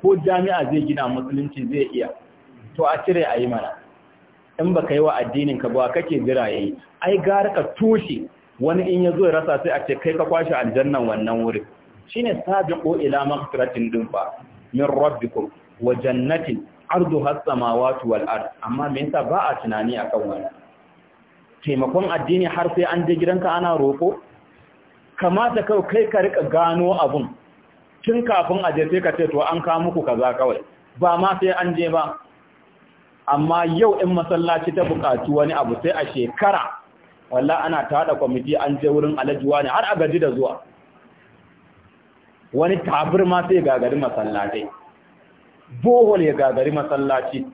ko jami'a zai gina musulunci zai iya to a cire a yi mana in ba ka yi wa addinin ka ba kake jira ai gari ka toshe wani in ya zo ya rasa sai a ce kai ka kwashe aljannan wannan wurin shine sabiqu ila maghfiratin din min rabbikum wa jannatin arduha samawati wal ard amma me yasa ba a tunani akan wannan taimakon addini har sai an je gidanka ana roƙo kamata kawai kai ka rika gano abun tun kafin a je sai ka ce to an kawo muku kaza kawai ba ma sai an je ba amma yau in masallaci ta buƙaci wani abu sai a shekara walla ana tada kwamiti an je wurin alajuwa ne har a gaji da zuwa wani tabir ma sai gagari masallatai bohol ya gagari masallaci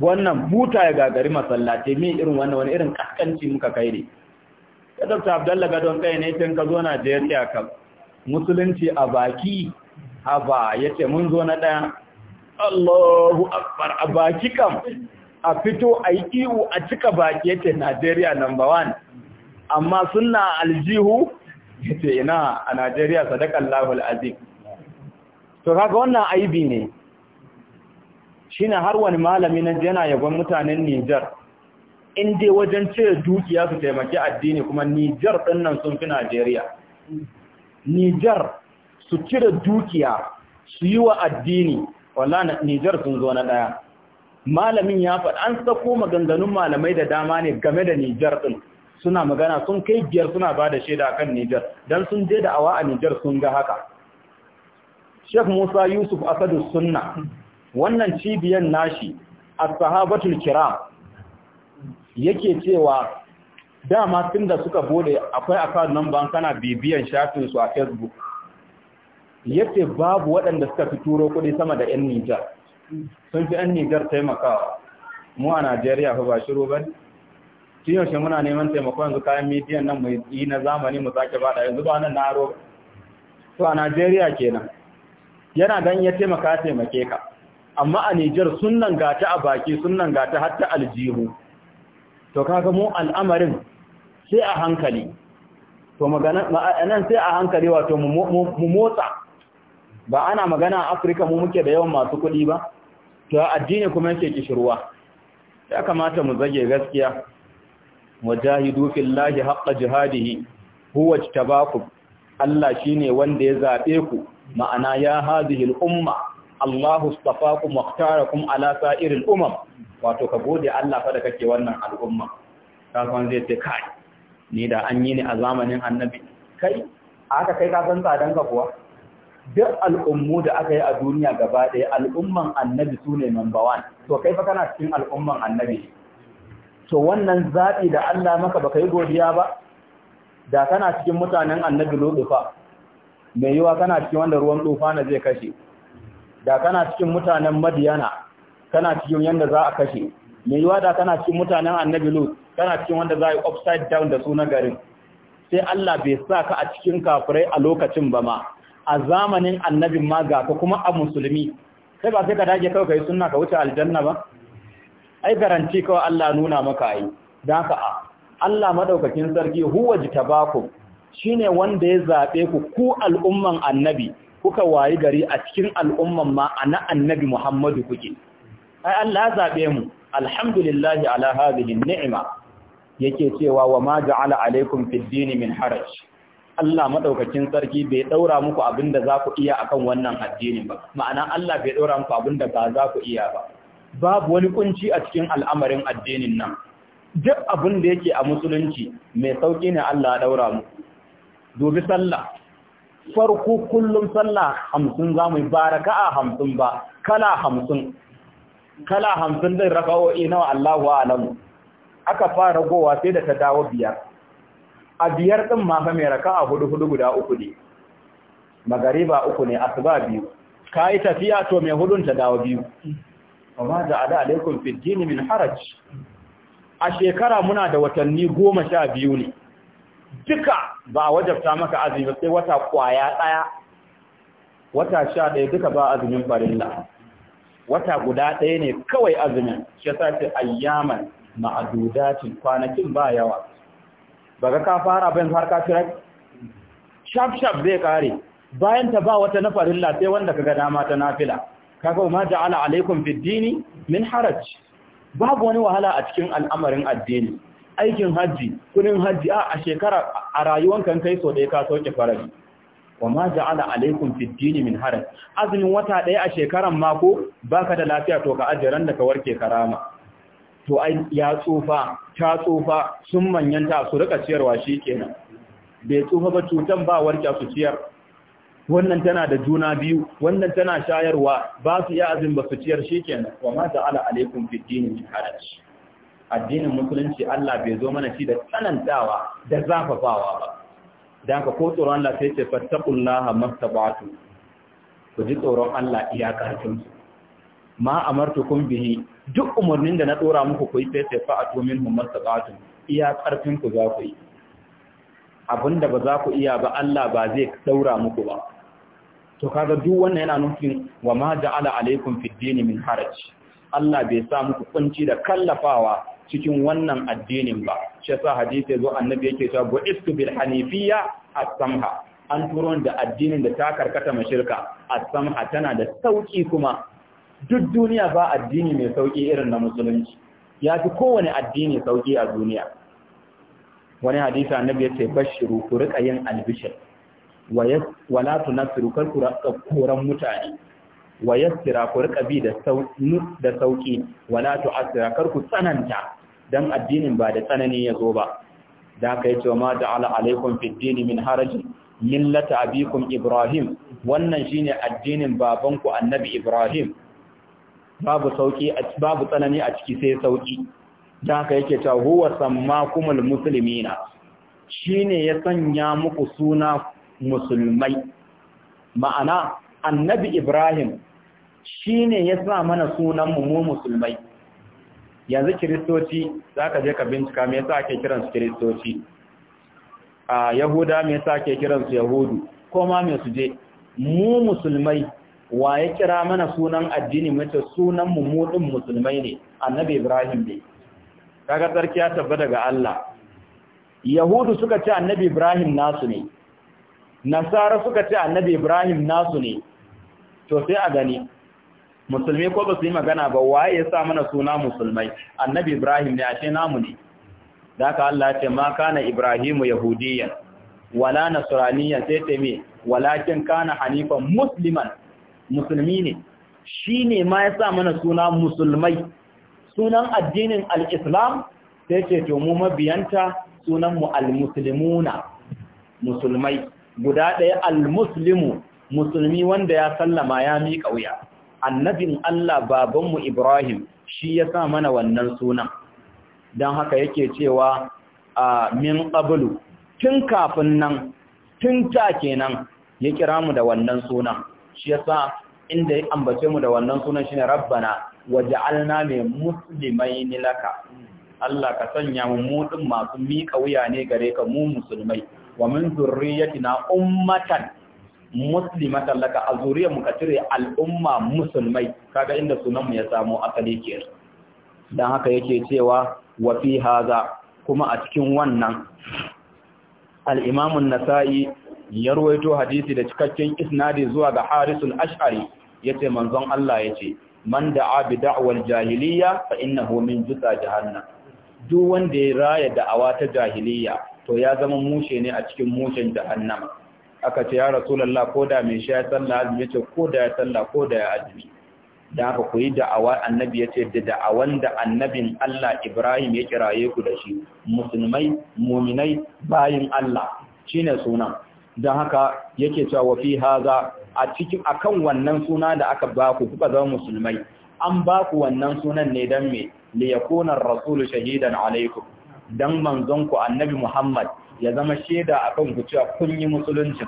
wannan buta ya gagari masallaci mi irin wannan wani irin kaskanci muka kai ne ya dabta abdalla gadon kai ne tun ka zo najeriya ka musulunci a baki haba ya ce mun zo na ɗaya allahu akbar a baki kam a fito a yi iwu a cika baki ya ce najeriya number one amma suna aljihu ya ce ina a najeriya sadakan lahul azik to kaga wannan aibi ne shine har wani malami na yana yabon mutanen Nijar in wajen cire dukiya su taimaki addini kuma Nijar dinnan sun fi Najeriya Nijar su cire dukiya su yi wa addini walla Nijar sun zo na ɗaya. malamin ya faɗi an sako maganganun malamai da dama ne game da Nijar din suna magana sun kai biyar suna ba da shaida kan Nijar dan sun je da awa a Nijar sun ga haka Sheikh Musa Yusuf Asadu Sunna wannan cibiyan nashi a sahabatul kiram yake cewa dama tun da suka bude akwai account number kana bibiyan shafin su a Facebook yace babu waɗanda suka fi turo kuɗi sama da 'yan Nijar sun fi 'yan Nijar taimakawa mu a Najeriya fa ba shiro bane tun yaushe muna neman taimako yanzu kayan midiyan nan mu yi na zamani mu sake bada yanzu ba nan na aro to a Najeriya kenan yana dan ya taimaka taimake ka amma a Nijar sunan gata a baki sunan gata hatta aljihu to kaga mu al'amarin sai a hankali to magana nan sai a hankali wato mu motsa ba ana magana a Afirka mu muke da yawan masu kuɗi ba to addini kuma yake kishirwa ya kamata mu zage gaskiya wajahidu fillahi haqqa jihadihi huwa tabakum Allah shine wanda ya zaɓe ku ma'ana ya hadhihi al-umma Allahu stafakum kuma ala irin umam wato ka gode Allah fa kake wannan al'umma ka zai ce kai ni da an yi ne a zamanin annabi kai aka kai ka san tsadan ka kuwa duk al'ummu da aka yi a duniya gaba ɗaya al'umman annabi su ne number one to kai fa kana cikin al'umman annabi to wannan zaɓi da Allah maka ba ka yi godiya ba da kana cikin mutanen annabi lodufa mai yiwa kana cikin wanda ruwan dufa na zai kashe da kana cikin mutanen madiyana kana cikin yanda za a kashe mai yiwa da kana cikin mutanen annabi lut kana cikin wanda za a yi upside down da su na garin sai Allah bai sa ka a cikin kafirai a lokacin ba ma a zamanin annabin ma ga ka kuma a musulmi sai ba sai ka dage kawai ka yi suna ka wuce aljanna ba ai garanti kawai Allah nuna maka ai dan ka a Allah madaukakin sarki huwa jitabakum shine wanda ya zabe ku ku al'umman annabi kuka wayi gari a cikin al'umman ma a na annabi Muhammadu kuke. Ai, Allah zaɓe mu, alhamdulillahi ala hazihin ni'ima, yake cewa wa ma ala alaikum fiddini min haraj. Allah maɗaukacin sarki bai ɗaura muku abin da za ku iya akan wannan addinin ba, ma'ana Allah bai ɗaura muku abin da ba za ku iya ba. Babu wani kunci a cikin al'amarin addinin nan. Duk abin da yake a musulunci mai sauƙi ne Allah ya ɗaura muku. Dubi sallah, farko kullum sallah hamsin za mu yi baraka a hamsin ba kala hamsin kala hamsin din ina wa Allahu a'lamu aka fara gowa sai da ta dawo biyar a biyar din ma mai mai raka'a hudu hudu guda uku ne magariba uku ne asuba biyu kai tafiya to mai hudun ta dawo biyu amma da ala alaikum fi min haraj a shekara muna da watanni goma sha biyu ne duka ba a wajabta maka azumi ba sai wata kwaya ɗaya wata sha ɗaya duka ba azumin barilla wata guda ɗaya ne kawai azumin shi yasa ce ayyaman ma'adudatin kwanakin ba yawa ba. baga ka fara bayan har ka kira shaf shaf zai kare bayan ta ba wata na farilla sai wanda ka kaga dama ta nafila kaga ma ja'ala alaikum fid dini min haraj babu wani wahala a cikin al'amarin addini aikin hajji kudin hajji a shekara a rayuwanka kai so ɗaya ka sauke farari wa ma ja'ala alaikum fi dini min haraj azumin wata ɗaya a shekaran mako baka da lafiya to ka ajiran da ka warke karama to ai ya tsufa ta tsufa sun manyanta su rika ciyarwa shikenan bai tsufa ba cutan ba warke su ciyar wannan tana da juna biyu wannan tana shayarwa ba su iya azumin ba su ciyar shikenan wa ma ja'ala alaikum fi dini min haraj addinin musulunci Allah bai zo mana shi da tsanantawa da zafafawa ba dan ka ko tsoron Allah sai ce fattaqullaha mastabatu ku ji tsoron Allah iyaka tunku ma amartukum bihi duk umarnin da na dora muku ku yi sai sai fa'atu minhum mastabatu iya karfin ku za ku yi abinda ba za ku iya ba Allah ba zai daura muku ba to kaga duk wannan yana nufin wa ma ja'ala alaikum fid dini min haraj Allah bai sa muku kunci da kallafawa cikin wannan addinin ba shi sa hadisi zo annabi yake cewa istu bil hanifiyya as-samha an turo da addinin da ta karkata mashirka as-samha tana da sauki kuma duk duniya ba addini mai sauki irin na musulunci ya fi kowane addini sauki a duniya wani hadisi annabi ya ce bashiru ku rika yin albishir wa la tunasiru kar ku rika koran mutane wa yassira ku rika bi da sauki da sauki wala tu'assira kar ku tsananta dan addinin ba da tsanani ya zo ba da aka yi cewa ma ja'ala alaikum fiddini min haraji millata abikum ibrahim wannan shine addinin babanku annabi ibrahim babu sauki babu tsanani a ciki sai sauki da aka yake cewa huwa sammakumul muslimina shine ya sanya muku suna musulmai ma'ana annabi ibrahim shine ya sa mana sunan mu mu musulmai yanzu kiristoci za ka je ka bincika me yasa ake kiransu kiristoci a yahuda me yasa ake kiransu yahudu ko ma me su je mu musulmai wa ya kira mana sunan addini mace sunan mu musulmai ne annabi ibrahim ne kaga tsarki ya tabba daga Allah yahudu suka ce annabi ibrahim nasu ne nasara suka ce annabi ibrahim nasu ne to sai a gani musulmi ko ba su yi magana ba waye ya sa mana suna musulmai annabi ibrahim ne ashe namu ne da ka Allah ce ma kana ibrahimu yahudiyan wala nasraniyan sai ta me walakin kana hanifan musliman musulmi ne shi ne ma ya sa mana suna musulmai sunan addinin al-islam sai ce to mu mabiyanta sunan mu al musulmai guda ɗaya al musulmi wanda ya sallama ya miƙa wuya annabin Allah babanmu Ibrahim shi ya sa mana wannan sunan don haka yake cewa a min qablu tun kafin nan tun ta kenan ya kira mu da wannan sunan shi ya sa inda ya ambace mu da wannan sunan shine rabbana waj'alna mai musulmai laka Allah ka sanya mu mutum masu miƙa wuya ne gare ka mu musulmai wa min zurriyyatina ummatan muslima tallaka a zuriyar mu ka cire al'umma musulmai kaga inda sunan mu ya samu asali ke dan haka yake cewa wa fi haza kuma a cikin wannan al-imam an-nasa'i ya ruwaito hadisi da cikakken isnadi zuwa ga harisul ash'ari yace manzon Allah yace man da'a bi da'wal jahiliya fa innahu min jusa jahannam duk wanda ya raya da'awa ta jahiliya to ya zama mushe ne a cikin mushen jahannama aka ce ya rasulullah ko da mai sha sallah azumi yace ko da ya sallah ko da ya azumi dan haka ku yi da'awa annabi yace da da'awan da annabin Allah Ibrahim ya kiraye ku da shi musulmai mu'minai bayin Allah shine sunan dan haka yake cewa wafi haza a cikin akan wannan suna da aka ba ku kuka zama musulmai an ba ku wannan sunan ne dan me li rasulu shahidan alaikum dan manzon ku annabi Muhammad ya zama shaida akan ku cewa kun yi musulunci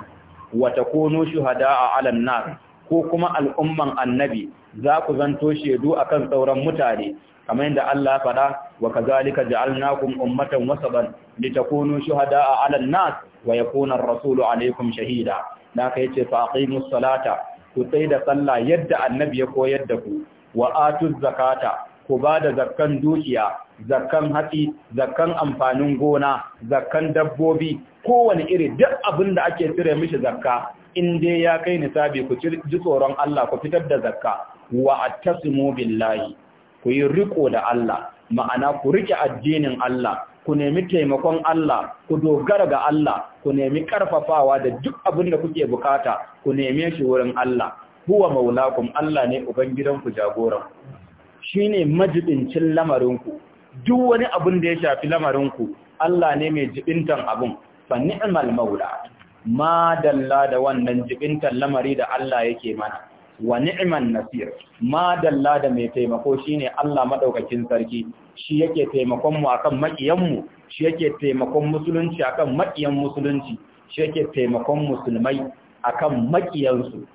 wa takunu shuhada'a 'alan nar ko kuma al'umman annabi za ku zanto shaidu akan sauran mutane kamar yadda Allah ya fada wa kazalika ja'alnakum ummatan wasaban litakunu shuhada'a 'alan nas wa yakuna ar-rasulu alaikum shahida da ka yace fa aqimus salata ku tsaya da sallah yadda annabi ya koyar da ku wa atuz zakata ku ba da zakkan dukiya zakkan hatsi zakkan amfanin gona zakkan dabbobi kowane iri duk abin da ake tsire mishi zakka in dai ya kai nisabi ku ji tsoron Allah ku fitar da zakka wa attasimu billahi ku yi riko da Allah ma'ana ku rike addinin Allah ku nemi taimakon Allah ku dogara ga Allah ku nemi ƙarfafawa da duk abin da kuke bukata ku neme shi wurin Allah huwa maulakum Allah ne ubangidanku jagoran shine majibincin lamarinku duk wani abin da ya shafi lamarinku Allah ne mai jibintan abun fa ni'mal maula ma dalla da wannan jibintan lamari da Allah yake mana wa ni'man nasir ma dalla da mai taimako shine Allah madaukakin sarki shi yake taimakon mu akan makiyan mu shi yake taimakon musulunci akan makiyan musulunci shi yake taimakon musulmai akan makiyansu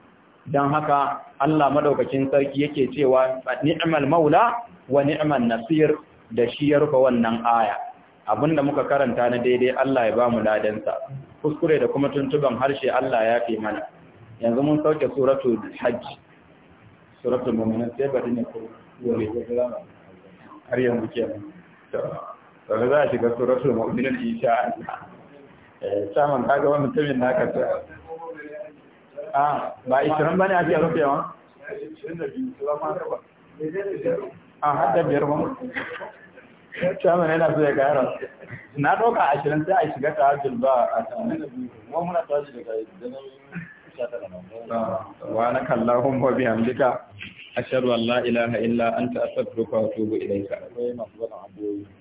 don haka Allah madaukakin sarki yake cewa ni'mal maula wa ni'man nasir da shi ya rufe wannan aya abinda muka karanta na daidai Allah ya bamu ladansa kuskure da kuma tuntuban harshe Allah ya fi mana yanzu mun sauke suratul hajj suratul mu'minin sai ba ne ko wani har yanzu kenan to sai za a shiga suratul mu'minin insha Allah eh saman kaga wannan tabin naka ta Ah, ba 20 bane ake rufewa a ah, hada biyar ba shaman yana so ya na ɗauka ashirin sai a shiga ta ba a ah, wa muna na kallahun wa bihamdika ashhadu an la ilaha illa anta astaghfiruka wa atubu ilayka